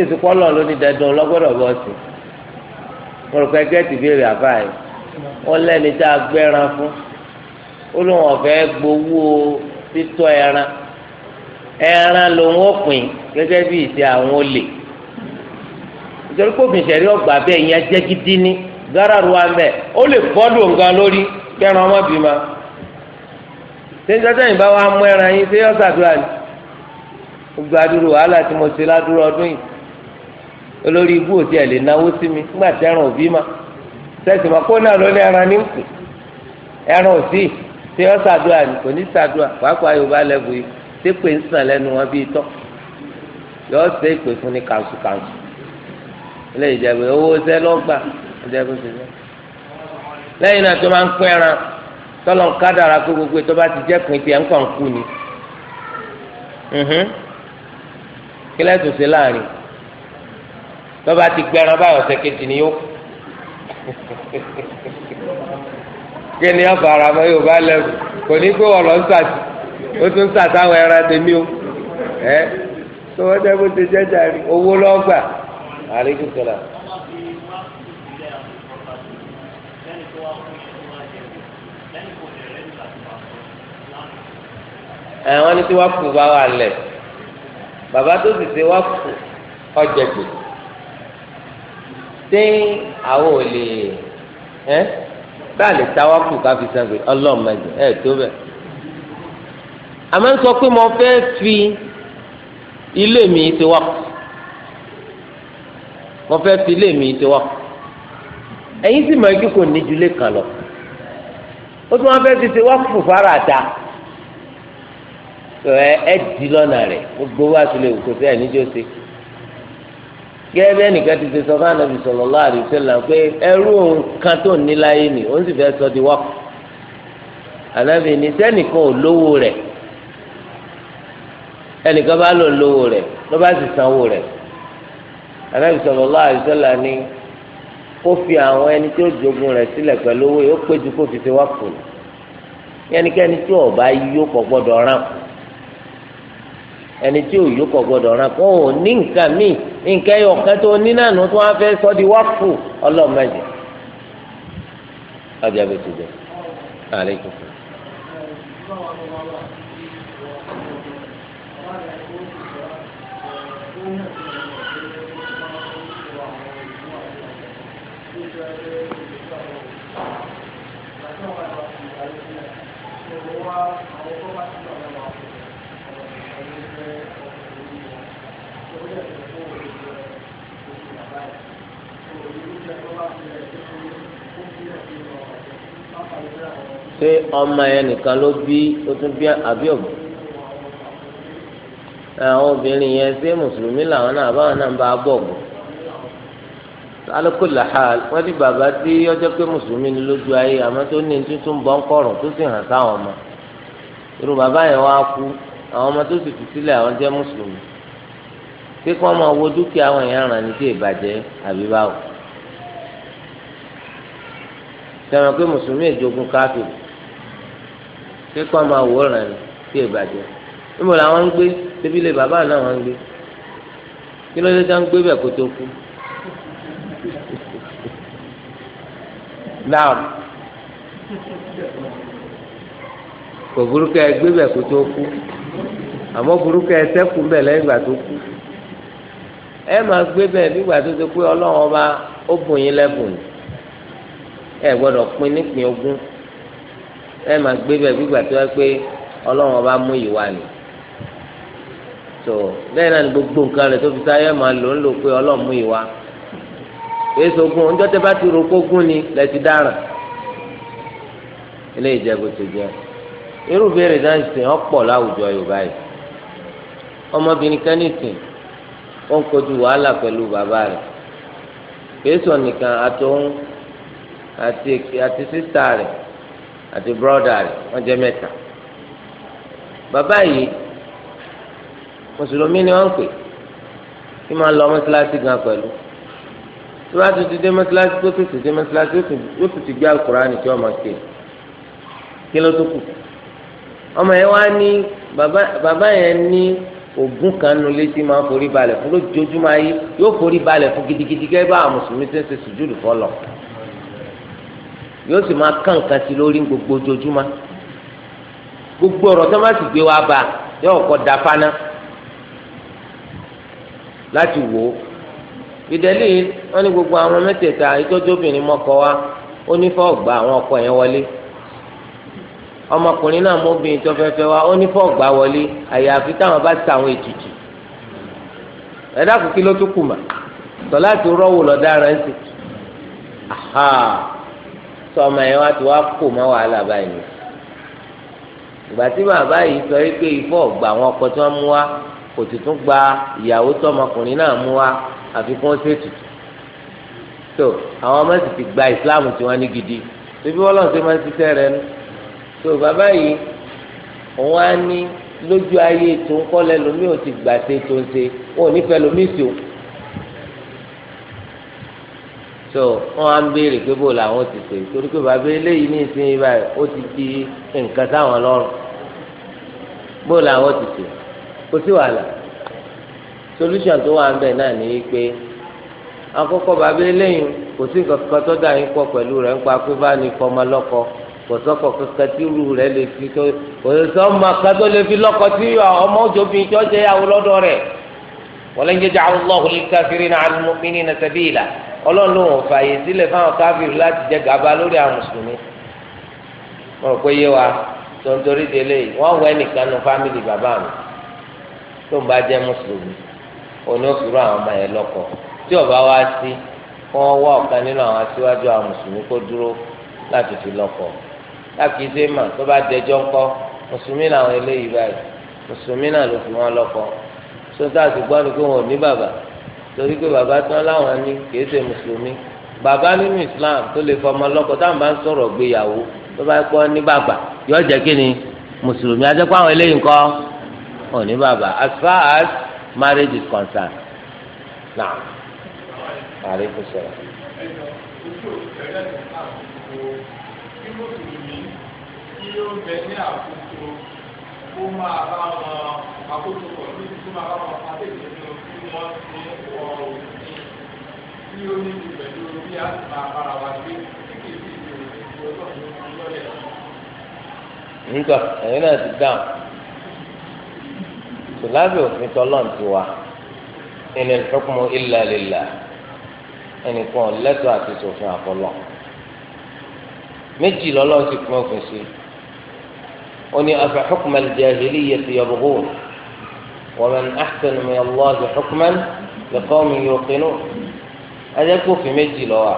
ìsìnkú ọlọ́run ló ní dandan lọ́gbọ́dọ̀ bọ́ sí mo rò pé gẹ́tì béèrè àbá yìí wọ́n lẹ́ni tá a gbẹ́ran fún ó lóun ọ̀fẹ́ gbowó títọ́ ẹran ẹran lòun ó pín gẹ́gẹ́ bí ìṣe àwọn olè ìjọba kófin ìṣẹ̀rí ọgbà bẹ́ẹ̀ yẹn jẹ́ gidi ní gáràrú wa mẹ́ ó lè bọ́dù nǹkan lórí kẹ́ran ọmọ bímọ. ṣé yìí bá wa mú ẹran yín ṣé yọ́ sàdúrà ni. gbogbo adúrú wàhálà tí mo ṣe ládùúrú ọdún yìí olórí ibú òtí ẹ̀ lè náwó sí mi nígbà tí ẹran òbí ma sẹ́sì máa kó náà lórí ẹran ní nkù ẹran òsì tí wọ́n ṣàdúrà ní kò ní ṣàdúrà pàápàá yorùbá yìí tí pé ń sàn wọn bíi ṣe ìpè fún ní kàǹsù kàǹsù ilé owó ṣe lẹ́yìn náà tó máa ń pín ẹran tọ́lọ́ ń kádàrà gbogbo ètò bá ti kílẹ̀ tó ṣe láàrin lọ́ba ti gbẹran báyọ̀ ọ̀sẹ̀ kejì ni yó kí ni ọba ara mọ yóò bá lẹ́rù kò ní pé wọ́n lọ ń sàt ó tún sàt àwọn ẹran tèmi o ẹ tó wọ́n jẹ́ bó ti jẹ́ jàre owó lọ́gbà àríkù sọ̀rọ̀. ẹ wọ́n ní tí wọ́n kú bá wà lẹ̀ bàbá tó sì ṣe wá kù ọjà gbè ṣé àwọn ò lè ẹ bá a lè táwa kù ká fi sàgbè ọlọ́ọ̀mọdé ẹ tó bẹ̀. àmọ́ ń sọ pé mo fẹ́ fi ilé mi ti wá kù mo fẹ́ fi ilé mi ti wá kù ẹ̀yin sì mọ̀ ẹ́ kí kò ní ju ilé kan lọ ó tún wọn fẹ́ ti ti wá kù fara àta ẹ ẹ di lọ́nà rẹ̀ gbogbo wa sì lè kó sí ẹ̀níjọ́ sí. gẹ́gẹ́ bí ẹnìkan ti ṣe sọ fún anabi sallallahu alaihi wasallam pé ẹrú òun kan tó ní láyé ni òun sì fẹ́ sọ di wọ́pù. anabi ní sẹ́nìkan ò lówó rẹ̀ ẹnìkan bá lò lówó rẹ̀ ló bá sì sanwó rẹ̀. anabi sallallahu alaihi wasallam ní kó fi àwọn ẹni tí ó jogun rẹ̀ sílẹ̀ pẹ̀lú owó yìí péjú kó fi ṣe wọ́pù ẹni tí ò yókọ̀ gbọdọ̀ ràn kó o ní nǹkan míì nǹkan ẹyọ kan tó ní nànú tó wá fẹ́ sọ́ di wáfù ọlọ́mọdé ọjà bẹ ti dẹ Thank you. ṣé ọmọ yẹn nìkan ló bí ó tún bí àbí òbí àwọn obìnrin yẹn ṣé mùsùlùmí làwọn náà báwọn náà ń bá bọ̀ bọ̀ alákòlà ha wọ́n ní bàbá tí ọjọ́ pé mùsùlùmí ni lójú ayé àmọ́ tó ní tuntun bọ́ ń kọ̀rùn tó sì hàn sáwọn ọmọ irú bàbá yẹn wá kú àwọn ọmọ tó sì fi sílẹ̀ àwọn jẹ́ mùsùlùmí pé kí wo dúkìá àwọn èèyàn ràn ní sí ìbàjẹ́ àbí báwo tẹ̀wọ̀n pé mùsùlùmí èjogun káfíìn kíkọ́ máa wòran ni tí ì bàjẹ́ níbo làwọn ń gbé débi lè bàbá náà wọn ń gbé kí ló dé tá ń gbé bẹ̀ kó tó kú. náà kò burúkú ẹ gbé bẹ̀ kó tó kú àmọ́ burúkú ẹ sẹ́kù bẹ̀ lẹ́yìn ìgbà tó kú ẹ máa gbé bẹ̀ nígbà tó ti pé ọlọ́run ọba ó bùn yín lẹ́bùn ni ẹ gbọ́dọ̀ pín nípìn ogún ẹ máa gbé bẹ́ẹ̀ gbígbà tó yẹ pé Ọlọ́run ọba mú ìwà ni tó bẹ́ẹ̀ náà ni gbogbo nǹkan rẹ̀ tó fi sáyẹ máa lò ń lò pé Ọlọ́run mú ìwà èso ogún ọjọ́ tẹ bá ti ro kógún ni lẹ ti dáràn ilé ìjẹbù ti jẹ irú béèrè náà sìn ọ̀pọ̀ láwùjọ Yorùbá yìí ọmọbìnrin kan nìsín ó ń kojú wàhálà pẹ̀lú bàbá rẹ̀ kèésàn nìkan àtòun àti àti sísá rẹ̀ àti bọ́dà rẹ̀ wọ́n jẹ́ mẹ́ta bàbá yìí mùsùlùmí ni wọ́n ń pè kí máa lọ mọ́sálásí gan pẹ̀lú tí wọ́n á tún ti dé mọ́sálásí tó tètè dé mọ́sálásí yóò tún ti gbé alukóraní tí wọ́n máa ké kí ló tó kù ọmọ yẹn wá ní bàbá yẹn ní ògùn kan nu létí máa forí balẹ̀ fún lójoojúmọ́ ayé yóò forí balẹ̀ fún gidigidi gẹ́gẹ́ bá àwọn mùsùlùmí ti ṣe sùjúdù fọlọ́. yóò sì máa kàn kan sí lórí gbogbo ojoojúmọ́ gbogbo ọ̀rọ̀ tó má sì gbé wa bá yóò kọ́ da fáná láti wò ó ìdẹ́lẹ́ wọn ní gbogbo àwọn mẹ́tẹ̀ẹ̀ta ìtọ́jú obìnrin mọ́kọ wa ó ní fọ́ gba àwọn ọkọ yẹn wọlé ọmọkùnrin náà mọ́bìnrin tó fẹ́ fẹ́ wa ó ní fọ́ gba wọlé àyàfi táwọn bá ta àwọn ètùtù ẹ̀dá kò kí ló tún kù mà tọ́lá ti rọ́wọ́ lọ́dá ara ń sè aha sọ ọmọ yẹn wá ti wá kó mọ́ wàhálà báyìí ni ìgbà tí bàbá yìí sọ pé ifọ̀ gbà wọn ọkọ tí wọ́n mú wá kò tuntun gba ìyàwó tọmọkùnrin náà mú wá àfikún ṣe tutù tó àwọn ọmọ sì ti gba ìsìláàmù tí wọ́n ní gidi tóbi wọ́n lọ́n ṣe máa ń ṣiṣẹ́ rẹ nu tó bàbá yìí òun á ní lójú ayé tó ń kọ́ lẹ́nu mi ò ti gbà ṣe tó ń ṣe òun ò nífẹ̀ẹ́ lomi sí so wọn á ń béèrè pé bó làwọn ti ṣe torí pé bàbá eléyìí ní ìsinyìí báyìí ó ti di nǹkan táwọn lọ́rùn bó làwọn ti ṣe kò sí wàhálà solution tó wà ń bẹ náà ní pé àkọ́kọ́ bàbá eléyìí kò sí nǹkan kan tó dà yín pọ̀ pẹ̀lú rẹ̀ ń pé bá ní fọmọ lọ́kọ kò sọ́kọ̀ kankan tí irú rẹ̀ lè fi tó kò sọ́mọ kan tó lè fi lọ́kọ tí ọmọ òjòfin tó jẹ́ yàwó lọ́dọ̀ rẹ̀ walan yaj'ala Allahu lil-kafirina 'ala al-mu'minina sabila ọlọ́run ló wọ̀n fààyè sílẹ̀ fáwọn káfíìrì láti jẹ gàba lórí àwọn mùsùlùmí mo rò pé yé wa tó ń torí délé wọ́n wọ ẹnìkan nu fámìlì bàbá mi tó ń bá jẹ́ mùsùlùmí òní òfìrú àwọn ọmọ yẹn lọ́kọ̀ tí ọba wá sí wọ́n wá ọ̀kan nínú àwọn aṣíwájú àwọn mùsùlùmí kó dúró láti fi lọ́kọ̀ lákìíṣe mà tó bá dẹjọ́ ńkọ́ mùsùlùmí làwọn eléyìí báyìí mùsùlùmí náà ló fi wọ́n lọ́kọ̀ sóńtà àti gbọ́n torí pé bàbá tán láwọn ní kìí ṣe mùsùlùmí Baba, nínú islam tó lè fọmọ lọ́kọ táwọn bá ń sọ̀rọ̀ gbéyàwó tó bá kọ ní bàbá yóò jẹ kí ni mùsùlùmí ajẹ pé àwọn eléyìí ńkọ́ ò ní bàbá as far as marriage is concerned now àrí kò sọ̀rọ̀. Kí bẹ ní àkókò kó máa bá wọn àkóso pọ̀ níbi tó máa bá wọn àtẹ̀jẹ́ ní ojú wọn ní ọ̀rọ̀ òní tí ó ní ti pẹ̀lú bí a ti máa bára wa gbé kíkì sí ìròyìn tí ọlọ́run ló ń lọ́lẹ̀. nígbà ẹ̀yin náà ti dáhùn tòlábì òfin tọ́lọ́n ti wá ẹni ìfọ́kùnmọ́ ìlà lílà ẹnìkan lẹ́tọ̀ọ́ àti sòfin àfọlọ́ méjì lọ́lọ́ ti pín òfin sí i. أني أفحكم الجاهلية يبغون ومن أحسن من الله حكما لقوم يوقنون هذا في مجي لوا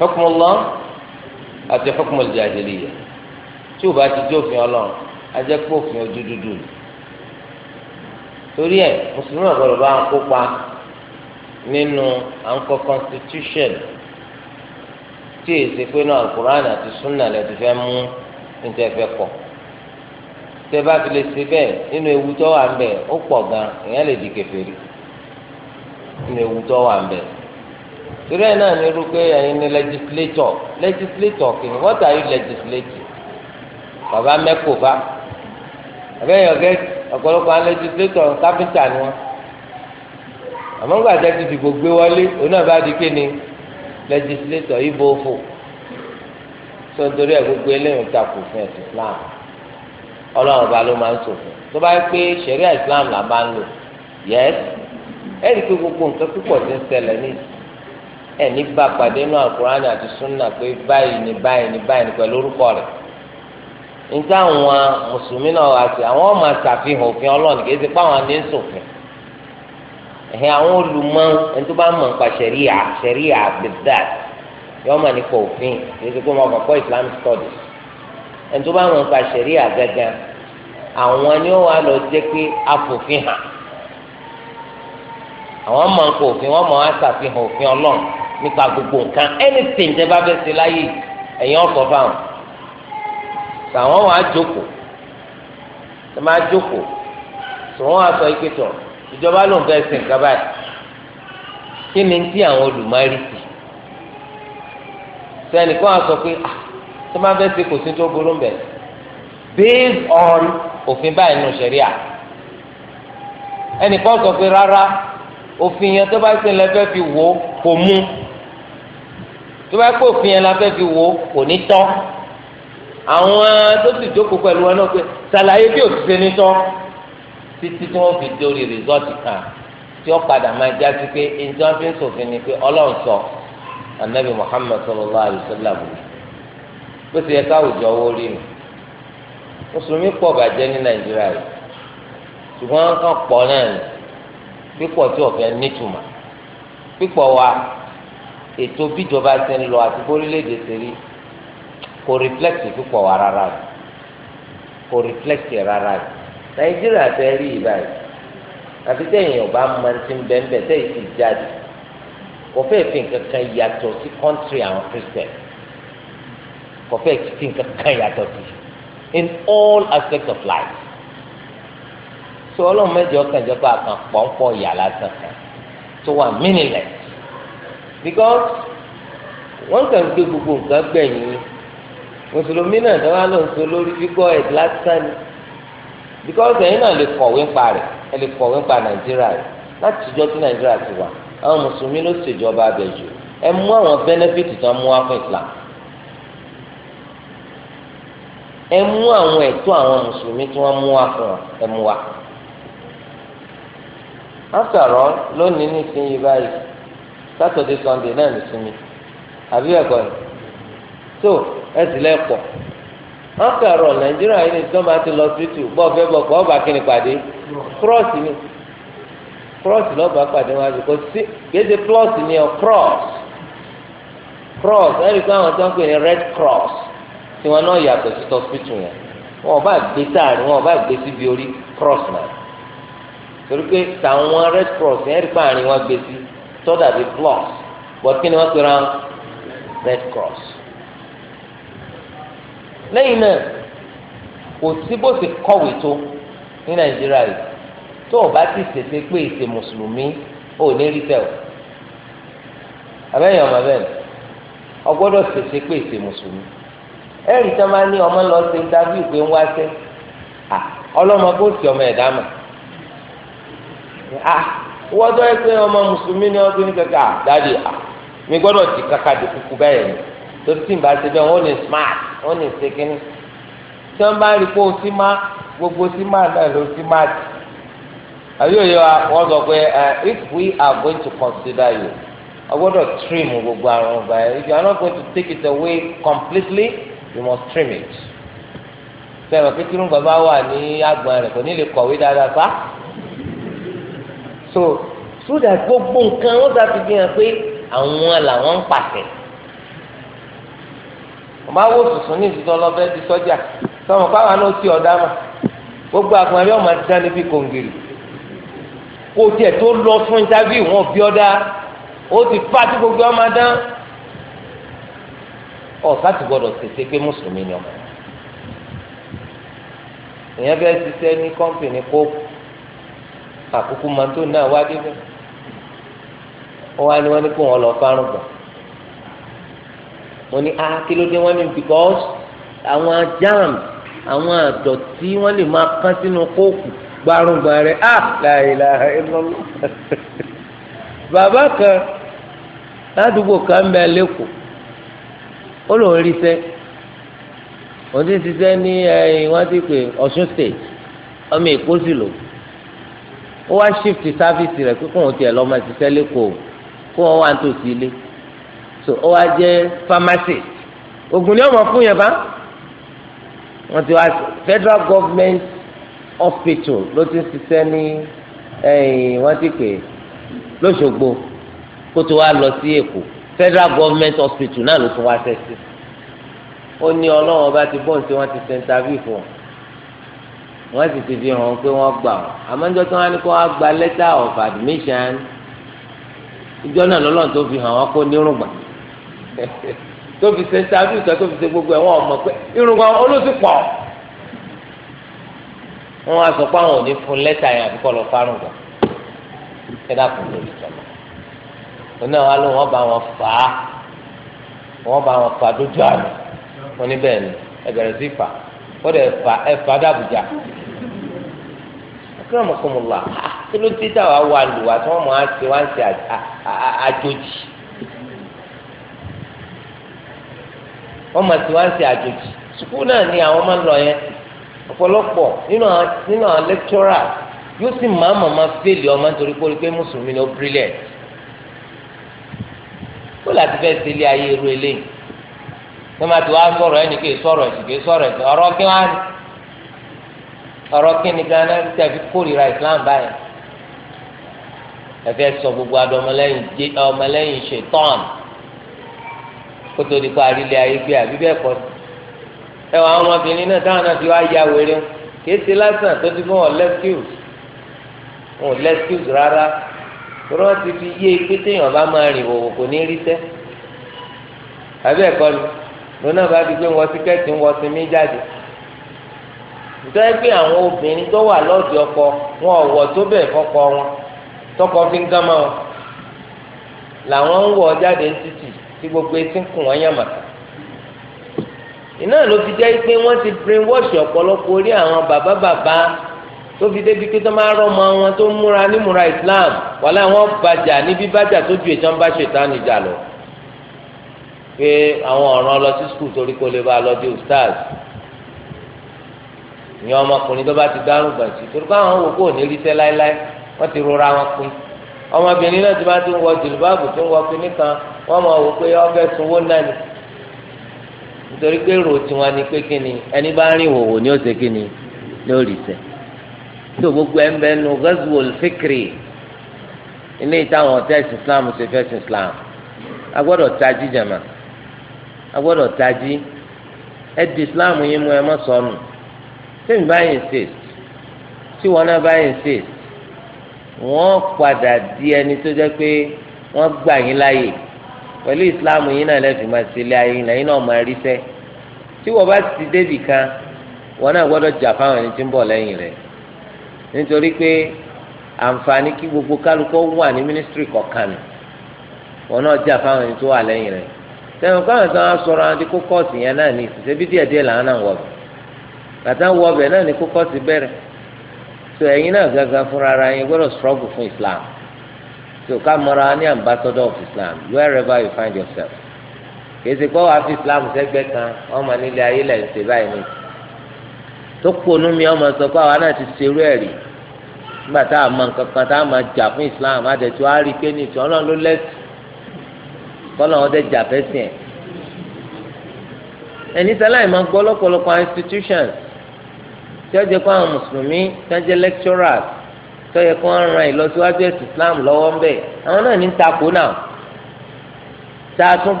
حكم الله àti hukumul jahiliya tí o bá ti jó òfin Ọlọ́run ajẹ kó òfin ojú dúdú torí ẹ mùsùlùmí ọ̀gbọ́dọ̀ bá ń kópa nínú àǹkọ constitution tí èsì pé náà alukur'an àti sunna lè ti fẹ́ mú níta ẹ̀fẹ́ kọ̀ tẹ bá fi lè ṣe bẹ́ẹ̀ nínú ewu tó wà ó gan èèyàn lè di kèfèrí nínú ewu tó wà ń torí ẹ náà ní irú pé legislator legislator kìíní what are you legislating bàbá mẹ́kò bá àbẹ́yẹ ọ̀gẹ́ ọ̀pọ̀lọpọ̀ legislator ni wọ́n àmọ́ ńgbà tẹ́ ti dìbò gbé wọlé òun náà bá di legislator ibo fò sọ nítorí ẹ̀ gbogbo eléyìí takò fún ọlọ́run ọba ló máa ń sòfin tó bá yẹ pé ṣẹ̀ríà islam là máa ń lò yẹ́s ẹ̀rí pé gbogbo nǹkan púpọ̀ ti ń ṣẹlẹ̀ ní ẹ̀ ní bá pàdé inú alukur'an àti sunna pé báyìí ni báyìí ni báyìí ni pẹ̀lú orúkọ rẹ̀ níta àwọn mùsùlùmí náà wá sí àwọn ọmọ àṣàfihàn òfin ọlọ́run kì í ṣe pé àwọn ní sòfin ẹ̀hìn àwọn olùmọ̀ ẹni tó bá mọ̀ nípa ṣẹ̀ríà ṣẹ̀ríà bẹ̀dà yọ nípa òfin kì í ṣe pé wọn kọ́ islamic studies ẹni tó bá mọ̀ nípa ṣẹ̀ríà gangan àwọn ni ó wà lọ jẹ́ pé afòfin hàn àwọn mọ̀ nípa òfin wọ́n mọ̀ á ṣàfihàn òfin ọlọ́run nípa gbogbo nǹkan anything tẹ́ bá fẹ́ ṣe láyé ẹ̀yin ọ̀sọ̀ fáwọn tàwọn wàá jókòó tẹ máa jókòó tí wọ́n wàá sọ ike tọ̀ ìjọba ló ń fẹ́ ṣe nǹkan báyìí kí ni ti àwọn olùmọ̀rí sí sẹ́nìkan wàá sọ pé ah tó máa fẹ́ ṣe kò sí tó burú mbẹ̀ based on òfin báyìí nù sẹ̀ríà ẹnìkan sọ pé rárá òfin yẹn tó bá ṣe lẹ fẹ́ fi wò kò mú tó bá pé òfin yẹn la fẹ́ fi wò kò ní tọ́ àwọn tó sì jókòó pẹ̀lú wọn náà pé ṣàlàyé bí òfin ṣe ní tọ́ títí tí wọ́n fi dórí rìsọ́ọ̀tì kan tí ó padà máa já sí pé ìjọba ń ṣòfin ni pé ọlọ́run sọ anabi Muhammad sallallahu alayhi wa sallam bó ti yẹ káwùjọ owó rí nu mùsùlùmí pọ̀ bàjẹ́ ní nàìjíríà yìí ṣùgbọ́n kàn pọ̀ náà ni pípọ̀ tí ọ̀fẹ́ nítumọ̀ pípọ̀ wa ètò bíjọba ti ń lọ àti bórílẹ̀èdè ti rí kò rìflẹ́kìtì pípọ̀ wa rárá o kò rìflẹ́kìtì rárá o nàìjíríà fẹ́ rí ìgbà yìí àfi tẹ̀yìn ọba máa ti ń bẹ́ńbẹ́ tẹ̀yìn ti jáde kò fẹ́ẹ́ fi nǹkan kan yàtọ̀ sí kọ́ńtì àwọn kírísítẹ̀nì kọfẹ́ títí nǹkan kan yàtọ̀ sí in all aspects of life so ọlọ́run mẹ́jọ kan jẹ́ pé àkàn pọ̀npọ̀ ìyà lásán kan tó wà meaningless because wọ́n kàn gbé gbogbo nǹkan gbẹ̀yìn mùsùlùmí náà tó wá lọ sọ lórí gbígbọ́ ẹ̀ lásán because ẹ̀yin náà lè kọ̀wé ń pa rẹ̀ ẹ̀ lè kọ̀wé ń pa nàìjíríà rẹ̀ láti ìjọ tí nàìjíríà ti wà àwọn mùsùlùmí ló ṣèjọba abẹ́jù ẹ mú àwọn benefit tán mú wá fún islam ẹ mú àwọn ẹ̀tọ́ àwọn mùsùlùmí tí wọ́n mú wa fún ọ ẹ mú wa. afẹ́rọ́ lónìí nísìnyí báyìí sátọ̀dé sọ́ndé náà nísìnyí àbí ẹ̀kọ́ ni tó ẹ sì lẹ́pọ̀ afẹ́rọ́ nàìjíríà yìí ni tí wọ́n bá ti lọ síìtù bọ́ ọ̀fẹ́ bọ̀ pọ̀ ọ̀bà kí ni pàdé kírọ́ọ̀sì ni kírọ́ọ̀sì lọ́ba pàdé wọn àti kò sí kéde kírọ́ọ̀sì ni ọ kírọ́ọ̀sì kírọ́ọ̀sì ẹ̀rí pé àwọn tó ń pè ní red cross tiwọn náà yàtọ̀ sí tọ́sítù yẹn wọn ò bá gbé sáàrin wọn ò bá gbé síbi orí cross náà torí pé tàwọn red cross yẹn rí páàrin wọn gbé sí tọ́dà bíi plus but kí ni wọ́n pera red cross lẹ́yìn náà kò sí bó ti kọ̀wé tó ní nàìjíríà yìí tó o bá ti tètè pé ìṣe mùsùlùmí ò ní rí tẹ̀ o abẹ́yẹn ọmọ bẹ́ẹ̀ o gbọ́dọ̀ pé ìṣe mùsùlùmí ẹ̀rì tí wọ́n bá ní ọmọ lọ sí interview pé ń wá sí ọlọ́mọ kò sí ọmọ ẹ̀dá mà wọ́n tọ́ ẹ pé ọmọ mùsùlùmí ni wọ́n ti ní kẹ́kẹ́ àdáde mi gbọ́dọ̀ ti kàkà di kúkú bẹ́ẹ̀ ni tó ti ń bá ti bẹ́ẹ̀ wọ́n ní smart wọ́n ní sekin tí wọ́n bá rí pé o ti má gbogbo ti má náà ló ti má ti àbí wa wọ́n sọ pé eh, if we are going to consider you I ọgbọ́dọ̀ trim gbogbo àrùn ọgbà yẹn if you are not going to take it away completely you must trim it sẹ́wọ̀n pé kírúngàn bá wà ní àgbọ̀n rẹ̀ kò ní lè kọ̀wé dáadáa fa so so that gbogbo nǹkan wọn gbà fi hàn pé àwọn làwọn ń pàṣẹ ọba wo sùsùn ní ìdíjọ lọfẹ di sọjà sọmọ káwa náà ti ọdá mà gbogbo àgbọn rẹ ọmọ dídá níbi kòǹgìrì kò tiẹ̀ tó lọ fún interview wọn bí ọdá ó ti fà tí gbogbo ọmọ dán ọ̀sá ti gbọ́dọ̀ tètè pé mùsùlùmí ni ọmọ èèyàn fẹ́ ṣiṣẹ́ ní kọ́ńpìnì kó àkókò máa tó náà wá débẹ̀ ó wá ní wọ́n ní kó wọn lọ fárùn gbà mo ní ah kí ló dé wọ́n ní because àwọn jam àwọn àdọ̀tí wọ́n lè máa kán sínú kóòkù gbárùngbà rẹ̀ ah láìláà ẹ̀ lọ́lọ́ bàbá kan ládùúgbò kan bẹ́ẹ̀ lẹ́kọ̀ọ́ ó lòún rí sẹ́ òun ti ṣiṣẹ́ ní eh, wọ́n ti pè Ọ̀ṣun state ọmọ Èkó sì lò ó wá shift service rẹ̀ kíkún òun tiẹ̀ lọ́ọ́ máa ṣiṣẹ́ o kó wọ́n wá nítòsí ilé so ó wá jẹ́ pharmacist oògùn ni wọ́n mọ̀ fún yẹn bá wọ́n ti wá federal government hospital ló ti ṣiṣẹ́ ní eh, wọ́n ti pè lóṣogbo kó tó wá lọ sí Èkó federal government hospital náà ló tún wá sẹ́sì ó ní ọlọ́run ọba ti bọ́ọ̀n tí wọ́n ti ṣe interview fún wọ́n sì ti fi hàn pé wọ́n gbà wọ́n àmọ́ ìjọ tí wọ́n á ní kó wá gba letter of admission ìjọ náà lọ́lọ́run tó fi hàn wọ́n kó nírùngbà tó fi ṣe interview tó fi ṣe gbogbo ẹ̀ wọ́n mọ̀ pé irùngbà olóṣù pọ̀ wọ́n á sọ pé àwọn ò ní fún lẹ́tà yẹn àbíkọ́ lọ fárùngbà kẹ́dà kò lórí ìjọba onáà wà ló wọn bá wọn fà á wọn bá wọn fà dójú àná wọn ní bẹ́ẹ̀ ni ẹ bẹ̀rẹ̀ sí fà ó dẹ̀ fà ẹ fà dàbújá akramakumullah kí ló dé táwa wà lù wá tí wọn mọ àti wọn àti àjòjì wọn mọ àti wọn àti àjòjì sukuu náà ni àwọn máa ń lọ yẹn ọ̀pọ̀lọpọ̀ nínú àwọn nínú àwọn lecturers yóò sì máa mọ̀ máa fẹ́lì ọmọ nítorí pé mùsùlùmí ni ó brilliant kó láti fẹ́ sílé ayé irú eléyìí tọ́mátì wa sọ̀rọ̀ ẹni kì í sọ̀rọ̀ ẹ̀sìn kì í sọ̀rọ̀ ẹ̀sìn ọ̀rọ̀ kí wá ní ọ̀rọ̀ kí ni gánà tẹ̀fi kórìíra Islam báyìí ẹ̀fẹ́ sọ gbogbo adé ọmọlẹ́yìn ṣetán kótó di kó arílẹ̀ ayé gbé àbí bẹ́ẹ̀ kọ́ ẹ wọ àwọn ọmọbìnrin náà táwọn náà fi wá ya wéré kì í ṣe lásán tó ti fún wọn lẹ́skíùs tọ́lá wọn ti fi yé pé téèyàn bá máa rìn wòwò kò ní rí sẹ́ àbí ẹ̀kọ́ ni lónà bá di pé wọ́n tíkẹ́ẹ̀tì ń wọ́n ti mí jáde nítorí pé àwọn obìnrin tó wà lọ́ọ̀dì ọkọ wọn ò wọ̀ tó bẹ̀ fọ́kọ wọn tọkọ fi ń gán mọ́ wọn làwọn ń wọ̀ jáde ń títì tí gbogbo etí ń kùn wọ́n yàn màkà iná ló fi jẹ́ pé wọ́n ti brainwash ọ̀pọ̀lọpọ̀ orí àwọn bàbá bàbá tó fi débi pé tó máa rọmọ wọn tó múra nímúra islam wàhálà wọn bàjà níbi bàjà tó ju ìjọba ṣètàn ìjà lọ pé àwọn ọ̀ràn lọ sí skul torí kó lè bá a lọ di ustaz ìyẹn ọmọkùnrin tó bá ti dárò gbàǹsì torí pé àwọn wò kó ò ní rí sẹ́ láéláé wọ́n ti rora wọn pin ọmọbìnrin náà ti bá ti ń wọ jìlúbáàbù tó ń wọ kínní kan wọ́n mọ̀ wò pé ọ̀fẹ́ sunwó náà ni nítorí pé èrò tiwọn ni pé kíni ẹni bá ń rìn wòwò ni ó tó gbogbo ẹ̀ ń bẹ nu ghazwul fikri ilé ìtàwọn ọ̀tẹ́ ẹ̀sìn islam ṣe fẹ́ ẹ̀sìn islam a gbọ́dọ̀ tají jàmá a gbọ́dọ̀ tají ẹ di islam yín mu ẹ má sọnù tèmi báyìí insist tí wọn náà báyìí insist wọn padà di ẹni tó jẹ́ pé wọn gbà yín láàyè pẹ̀lú islam yín náà lẹ́fì máa ṣe ilé ayé náà yín náà máa rí sẹ́ tí wọ́n bá ti débì kan wọn náà gbọ́dọ̀ jà fáwọn ẹni tí ń bọ̀ lẹ́yìn rẹ̀ nítorí pé àǹfààní kí gbogbo kálukú wà ní mínísítírì kọ̀ọ̀kan wọn náà jà fáwọn ẹni tó wà lẹ́yìn rẹ̀ tẹ̀wọ̀n káwọn sọ wọn sọ̀rọ̀ àwọn kó kọ́ọ̀sì yẹn náà ní ìsìsẹ́ bí díẹ̀ díẹ̀ làwọn náà wọ̀ bẹ̀ bàtà wọ̀ bẹ̀ náà ní kó kọ́ọ̀sì bẹ̀rẹ̀ tó ẹ̀yin náà gangan fúnra ara yẹn gbọ́dọ̀ struggle fún Islam tó ká mọ́ra ní ambassador of Islam wherever you find yourself kèsì pé wàá fi Islam sẹ́gbẹ́ kan ọmọ nílé ayé lẹ́yìn ṣe báyìí tó kponu mi ọmọ sọ pé àwa náà ti serú rí nígbà tá a jà fún Islam àdẹ̀tí wàá rí pé ní ìtàn ọlọ́run ló kọ́nà jà ẹ̀ ẹni sẹ́láì máa gbọ́ lọ́pọ̀lọpọ̀ institutions tí ó jẹ́ àwọn mùsùlùmí tí wọ́n jẹ́ lecturers yẹ kó wọ́n ran ìlọsíwájú ẹ̀sìn Islam lọ́wọ́ àwọn náà ní a tún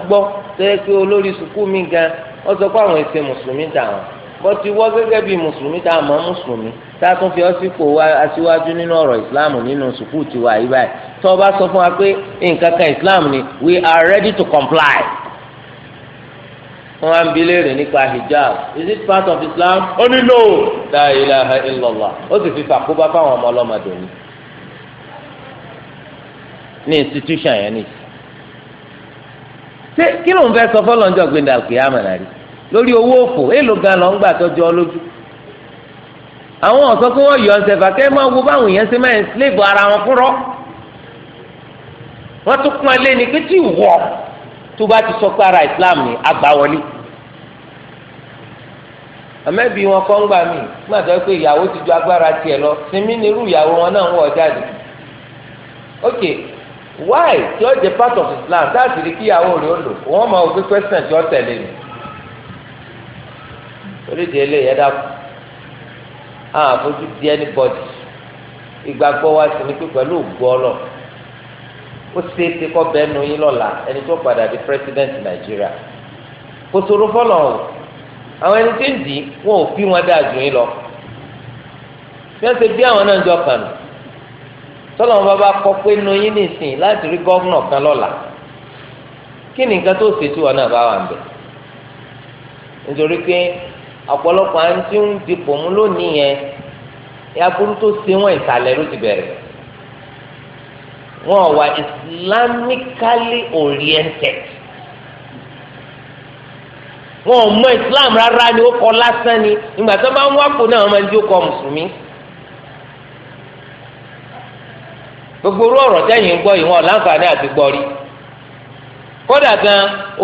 gbọ́ bó ti wọ́ gẹ́gẹ́ bíi mùsùlùmí tá a mọ̀ mùsùlùmí tá a tún fi ọ́sìpò wa aṣíwájú nínú ọ̀rọ̀ islam nínú sùkúù tiwa yìí báyìí tó o bá sọ fún wa pé nǹkan kan islam ni we are ready to comply. wọ́n á ń bi léèrè nípa hijab is it part of islam? ó ní no la ilaha illallah ó sì fi fàkóbá fáwọn ọmọ ọlọ́mọdé ni ní institution yẹn ni. ṣé kí ló ń fẹ́ sọ fọ́lọ́njọ́ gbẹ̀dẹ̀ àkùyàmọ̀ náà rí? lórí owó òfò èèlò gan lọ ń gbà tọ́jú ọ lójú àwọn ọ̀sọ́ pé wọ́n yọ ọ̀sẹ̀ fàkẹ́ máa wo báwọn èèyàn ṣe máa ń sílẹ̀bù ara wọn fúnrọ́ wọ́n tún pọn ilé ní pé tí wọ́ tó bá ti sọ pé ara Islam ni àgbà wọlé àmẹ́bí wọn kọ́ ń gbà mí má dọ́ pé ìyàwó ti ju agbára tiẹ̀ lọ sinmi ní irú ìyàwó wọn náà ń wọ̀ jáde ok why tí ó jẹ part of Islam táàtì rí kíyàwó rẹ̀ ó lò wọ́n máa wò pé question tí ó tẹ̀lé ni. oríṣi eléyìí ẹ̀dá kù àfojú di ẹnibọdì ìgbàgbọ́ wa sì pé pẹ̀lú ọlọ ó ṣe é ti kọ́ bẹ́ẹ̀ nu yín ẹni tó president Nàìjíríà kò o àwọn ẹni tí ń dì í wọn ò fi wọn dáa jù yín lọ bí wọ́n ṣe bí àwọn náà ń jọ kàn tọ́lọ̀ wọn bá bá kọ́ kan lọ́la kí ni nǹkan tó ṣe tí wọn náà bá wà ń bẹ̀ nítorí ọ̀pọ̀lọpọ̀ àwọn tí ń dipò mú lónìí yẹn aburú tó ṣe wọn ìsàlẹ̀ ló ti bẹ̀rẹ̀ wọn wà islamically oriented wọn ò mọ islam rárá ni ó kọ lásán ni ìgbà tó bá ń wákò náà wọn máa ń di ó kọ mùsùlùmí gbogbo orú ọ̀rọ̀ tẹ́yìn gbọ́ yìí wọn láǹfààní àti gbọ́ rí kódà gan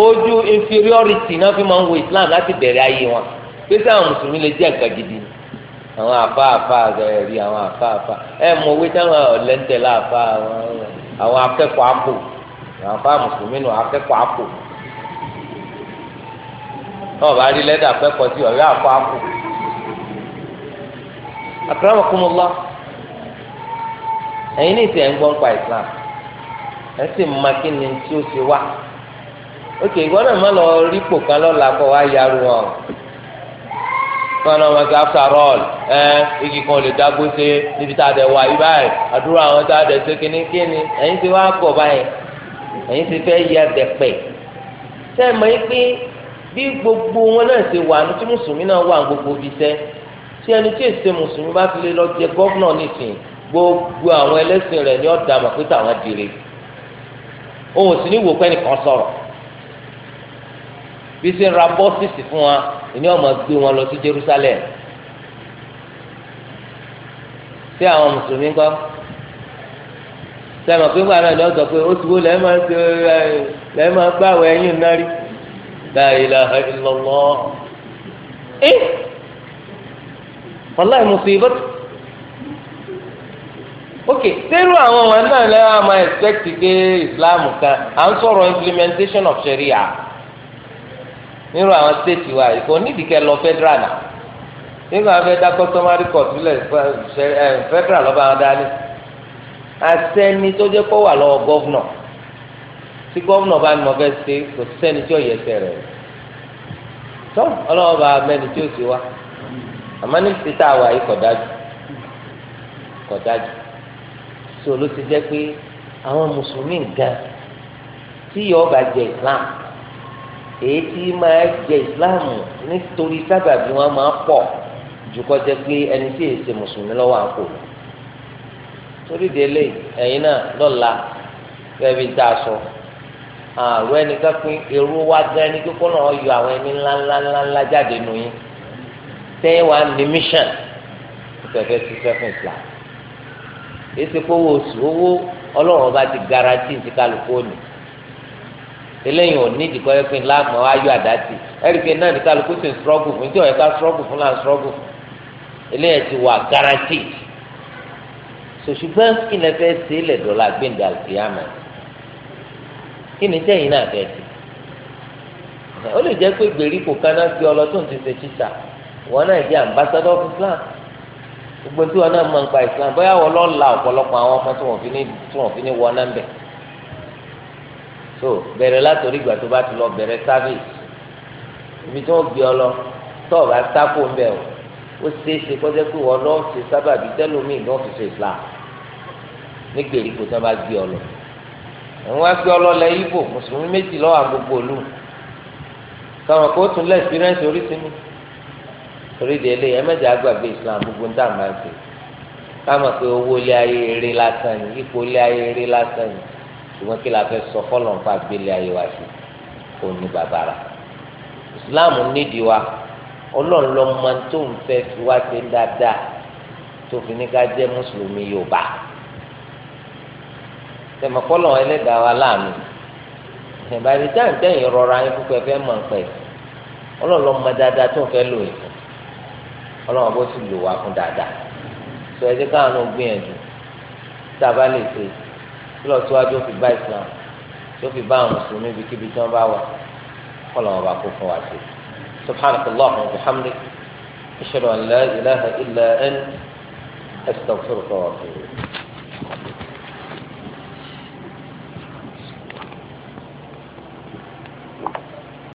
ojú inferiority náà fi máa ń wo islam láti bẹ̀rẹ̀ ayé wọn. pèsè àwọn mùsùlùmí lè jẹ́ nǹkan gidi àwọn àfáàfá rẹ̀ rí àwọn àfáàfá ẹ mọ owó táwọn ọ̀lẹ́ńtẹ̀ láàfá àwọn akẹ́kọ̀ọ́ àpò àwọn afá mùsùlùmí nù akẹ́kọ̀ọ́ àpò náà bá rí lẹ́dà akẹ́kọ̀ọ́ tí ọ̀rẹ́ àfọ àpò akramakumullah ẹ̀yin ní ìsẹ̀ ń gbọ́ Islam ẹ sì máa kí ni tí ó ti wá òkè ìgbọ́dọ̀ má lọ rí pò kan lọ́la kọ́ wá yarú wọn o. wọn náà wọn sọ after all ẹ igi kan lè dágbó ṣe níbi tá a dẹ̀ wá yí báyìí àdúrà àwọn tá a dẹ̀ ṣe kíní kíni ẹ̀yin ti wá kọ̀ báyìí ẹ̀yin ti fẹ́ yẹ ẹ̀dẹ̀ pẹ̀ ṣe mọ̀ yín pé bí gbogbo wọn náà ṣe wà ní tí mùsùlùmí náà wà gbogbo ibi iṣẹ́ tí ẹni tí èsì mùsùlùmí bá fi lè lọ jẹ gọ́vnà nìsín gbogbo àwọn ẹlẹ́sìn rẹ̀ ni ọ̀dà mọ̀ pé táwọn òun sì bí ṣe ń ra bọ́sìsì fún wa ìní ọmọ gbé wọn lọ sí Jerusalem sí àwọn mùsùlùmí kọ́ sẹ́mi pé ńgbà náà ni wọ́n sọ pé ó ti wo lẹ́ẹ̀ máa ṣe lẹ́ẹ̀ máa gbá àwọn ẹ̀yìn náà rí la ilaha illallah ẹ́ wàláì musibatu ok sẹ́rù àwọn ọmọ náà lẹ́wọ̀n máa expect pé Islam kan à ń sọ̀rọ̀ implementation of Sharia nírú àwọn stéètì wa yìí kò nídìí kẹ lọ federal náà nínú àwọn fẹ́ dá customary court sílẹ̀ federal lọ́ba wọn dání asẹ́ni tó jẹ́ kó wà lọ́wọ́ gọ́vnọ̀ tí gọ́vnọ̀ bá ní mo fẹ́ ṣe kò sẹ́ni tí ò yẹ ẹsẹ̀ rẹ̀ tọ́ ọlọ́wọ́ bá mẹ́ni tí ò sí wa àmọ́ ní títà wà yìí kọ̀ dájú kọ̀ dájú tí olú ti jẹ́ pé àwọn mùsùlùmí gan tí yọ̀ọ́ bá jẹ Islam èyí tí máa jẹ ìsìláàmù nítorí sábàbí wọn máa pọ̀ ju kó jẹ́ pé ẹni tí èsì mùsùlùmí lọ́wọ́ àpò lọ torí délé ẹ̀yin náà lọ́la fẹ́ẹ́bí tá a sọ àrùn ẹni ká pín èrò wá gan ẹni kíkọ́ náà yọ àwọn ẹni ńláńláńlá jáde nù yín tẹ́yìn wá ní mission ìfẹ́fẹ́ ṣiṣẹ́ fún ìsìlá èsì kówó oṣù owó ọlọ́run ọba ti garanti ti kálukú òní eléyìí ò ní ìdíkọ́ ẹ̀pin láàmú ayọ̀ àdáàtì ẹ̀ríkẹ́ náà ní kálukú sì ń strọ́gù fún tí ọ̀yẹ́ká strọ́gù fún là ń eléyìí ti wà garanti sòṣùgbọ́n kí ni ẹ fẹ́ ṣe é lẹ̀dọ̀ la gbẹ̀ǹdà kìámà kí ni tẹ́yìn náà fẹ́ ṣe ó lè jẹ́ pé gbèríko kaná fi ọlọ́tún ti ṣe títà wọn náà jẹ́ ambassador of Islam gbogbo tí wọn náà mọ̀ nípa Islam bóyá wọn lọ́ọ́ la ọ̀pọ̀lọpọ̀ àwọn ọmọ tí wọ́n fi ní wọ́n náà bẹ̀ẹ́ so bẹ̀rẹ̀ látòrí ìgbà tó bá ti lọ bẹ̀rẹ̀ service ibi tí wọ́n gbé ọ lọ tó o bá sáko ń bẹ̀ o ó ṣeéṣe kọjá pé wọ́n lọ́ọ́ ṣe sábàbí tẹ́lómi ní ọ́fíìsì Islam ní gbèríko tí wọ́n bá gbé ọ lọ wọ́n á gbé ọ lọ lẹ ibo mùsùlùmí méjì lọ́wọ́ àgbogbo òlu káwọn kó tún lẹ́ experience oríṣi mi torí de ilé ẹ̀mẹ́jẹ̀ àgbàgbé Islam gbogbo ń dà máa ń ṣe káwọn pé owó ilé ayé eré lásán yìí ipò ilé ayé eré lásán yìí ṣùgbọ́n kí la fẹ́ sọ fọ́lọ̀ nípa gbélé ayé wa sí kò ní bàbá rà ìsìláàmù nídìí wa ọlọ́run ló mọ tó ń fẹ́ fi wá ṣe ń dáadáa tó fi ní ká jẹ́ mùsùlùmí yorùbá tẹ̀mọ̀kọ́lọ̀ ẹlẹ́dàá wa láàánú ìbáraẹni táwọn tẹ̀yìn rọra yín púpọ̀ ẹ̀fẹ́ mọ̀ pẹ̀ ọlọ́run ló mọ dáadáa tó ń fẹ́ lò yín fún ọlọ́run bó sì lò wá fún dáadáa sọ ẹ jẹ́ káwọn náà gbìyànjú tá a bá lè ṣe lọ síwájú ó fi bá islam tó fi bá àwọn mùsùlùmí bíi kíbi tí wọn bá wà kọlọ wọn bá kó fún wa sí subhanaka allahumma wa bihamdik ashhadu an la ilaha illa ant astaghfiruka wa atubu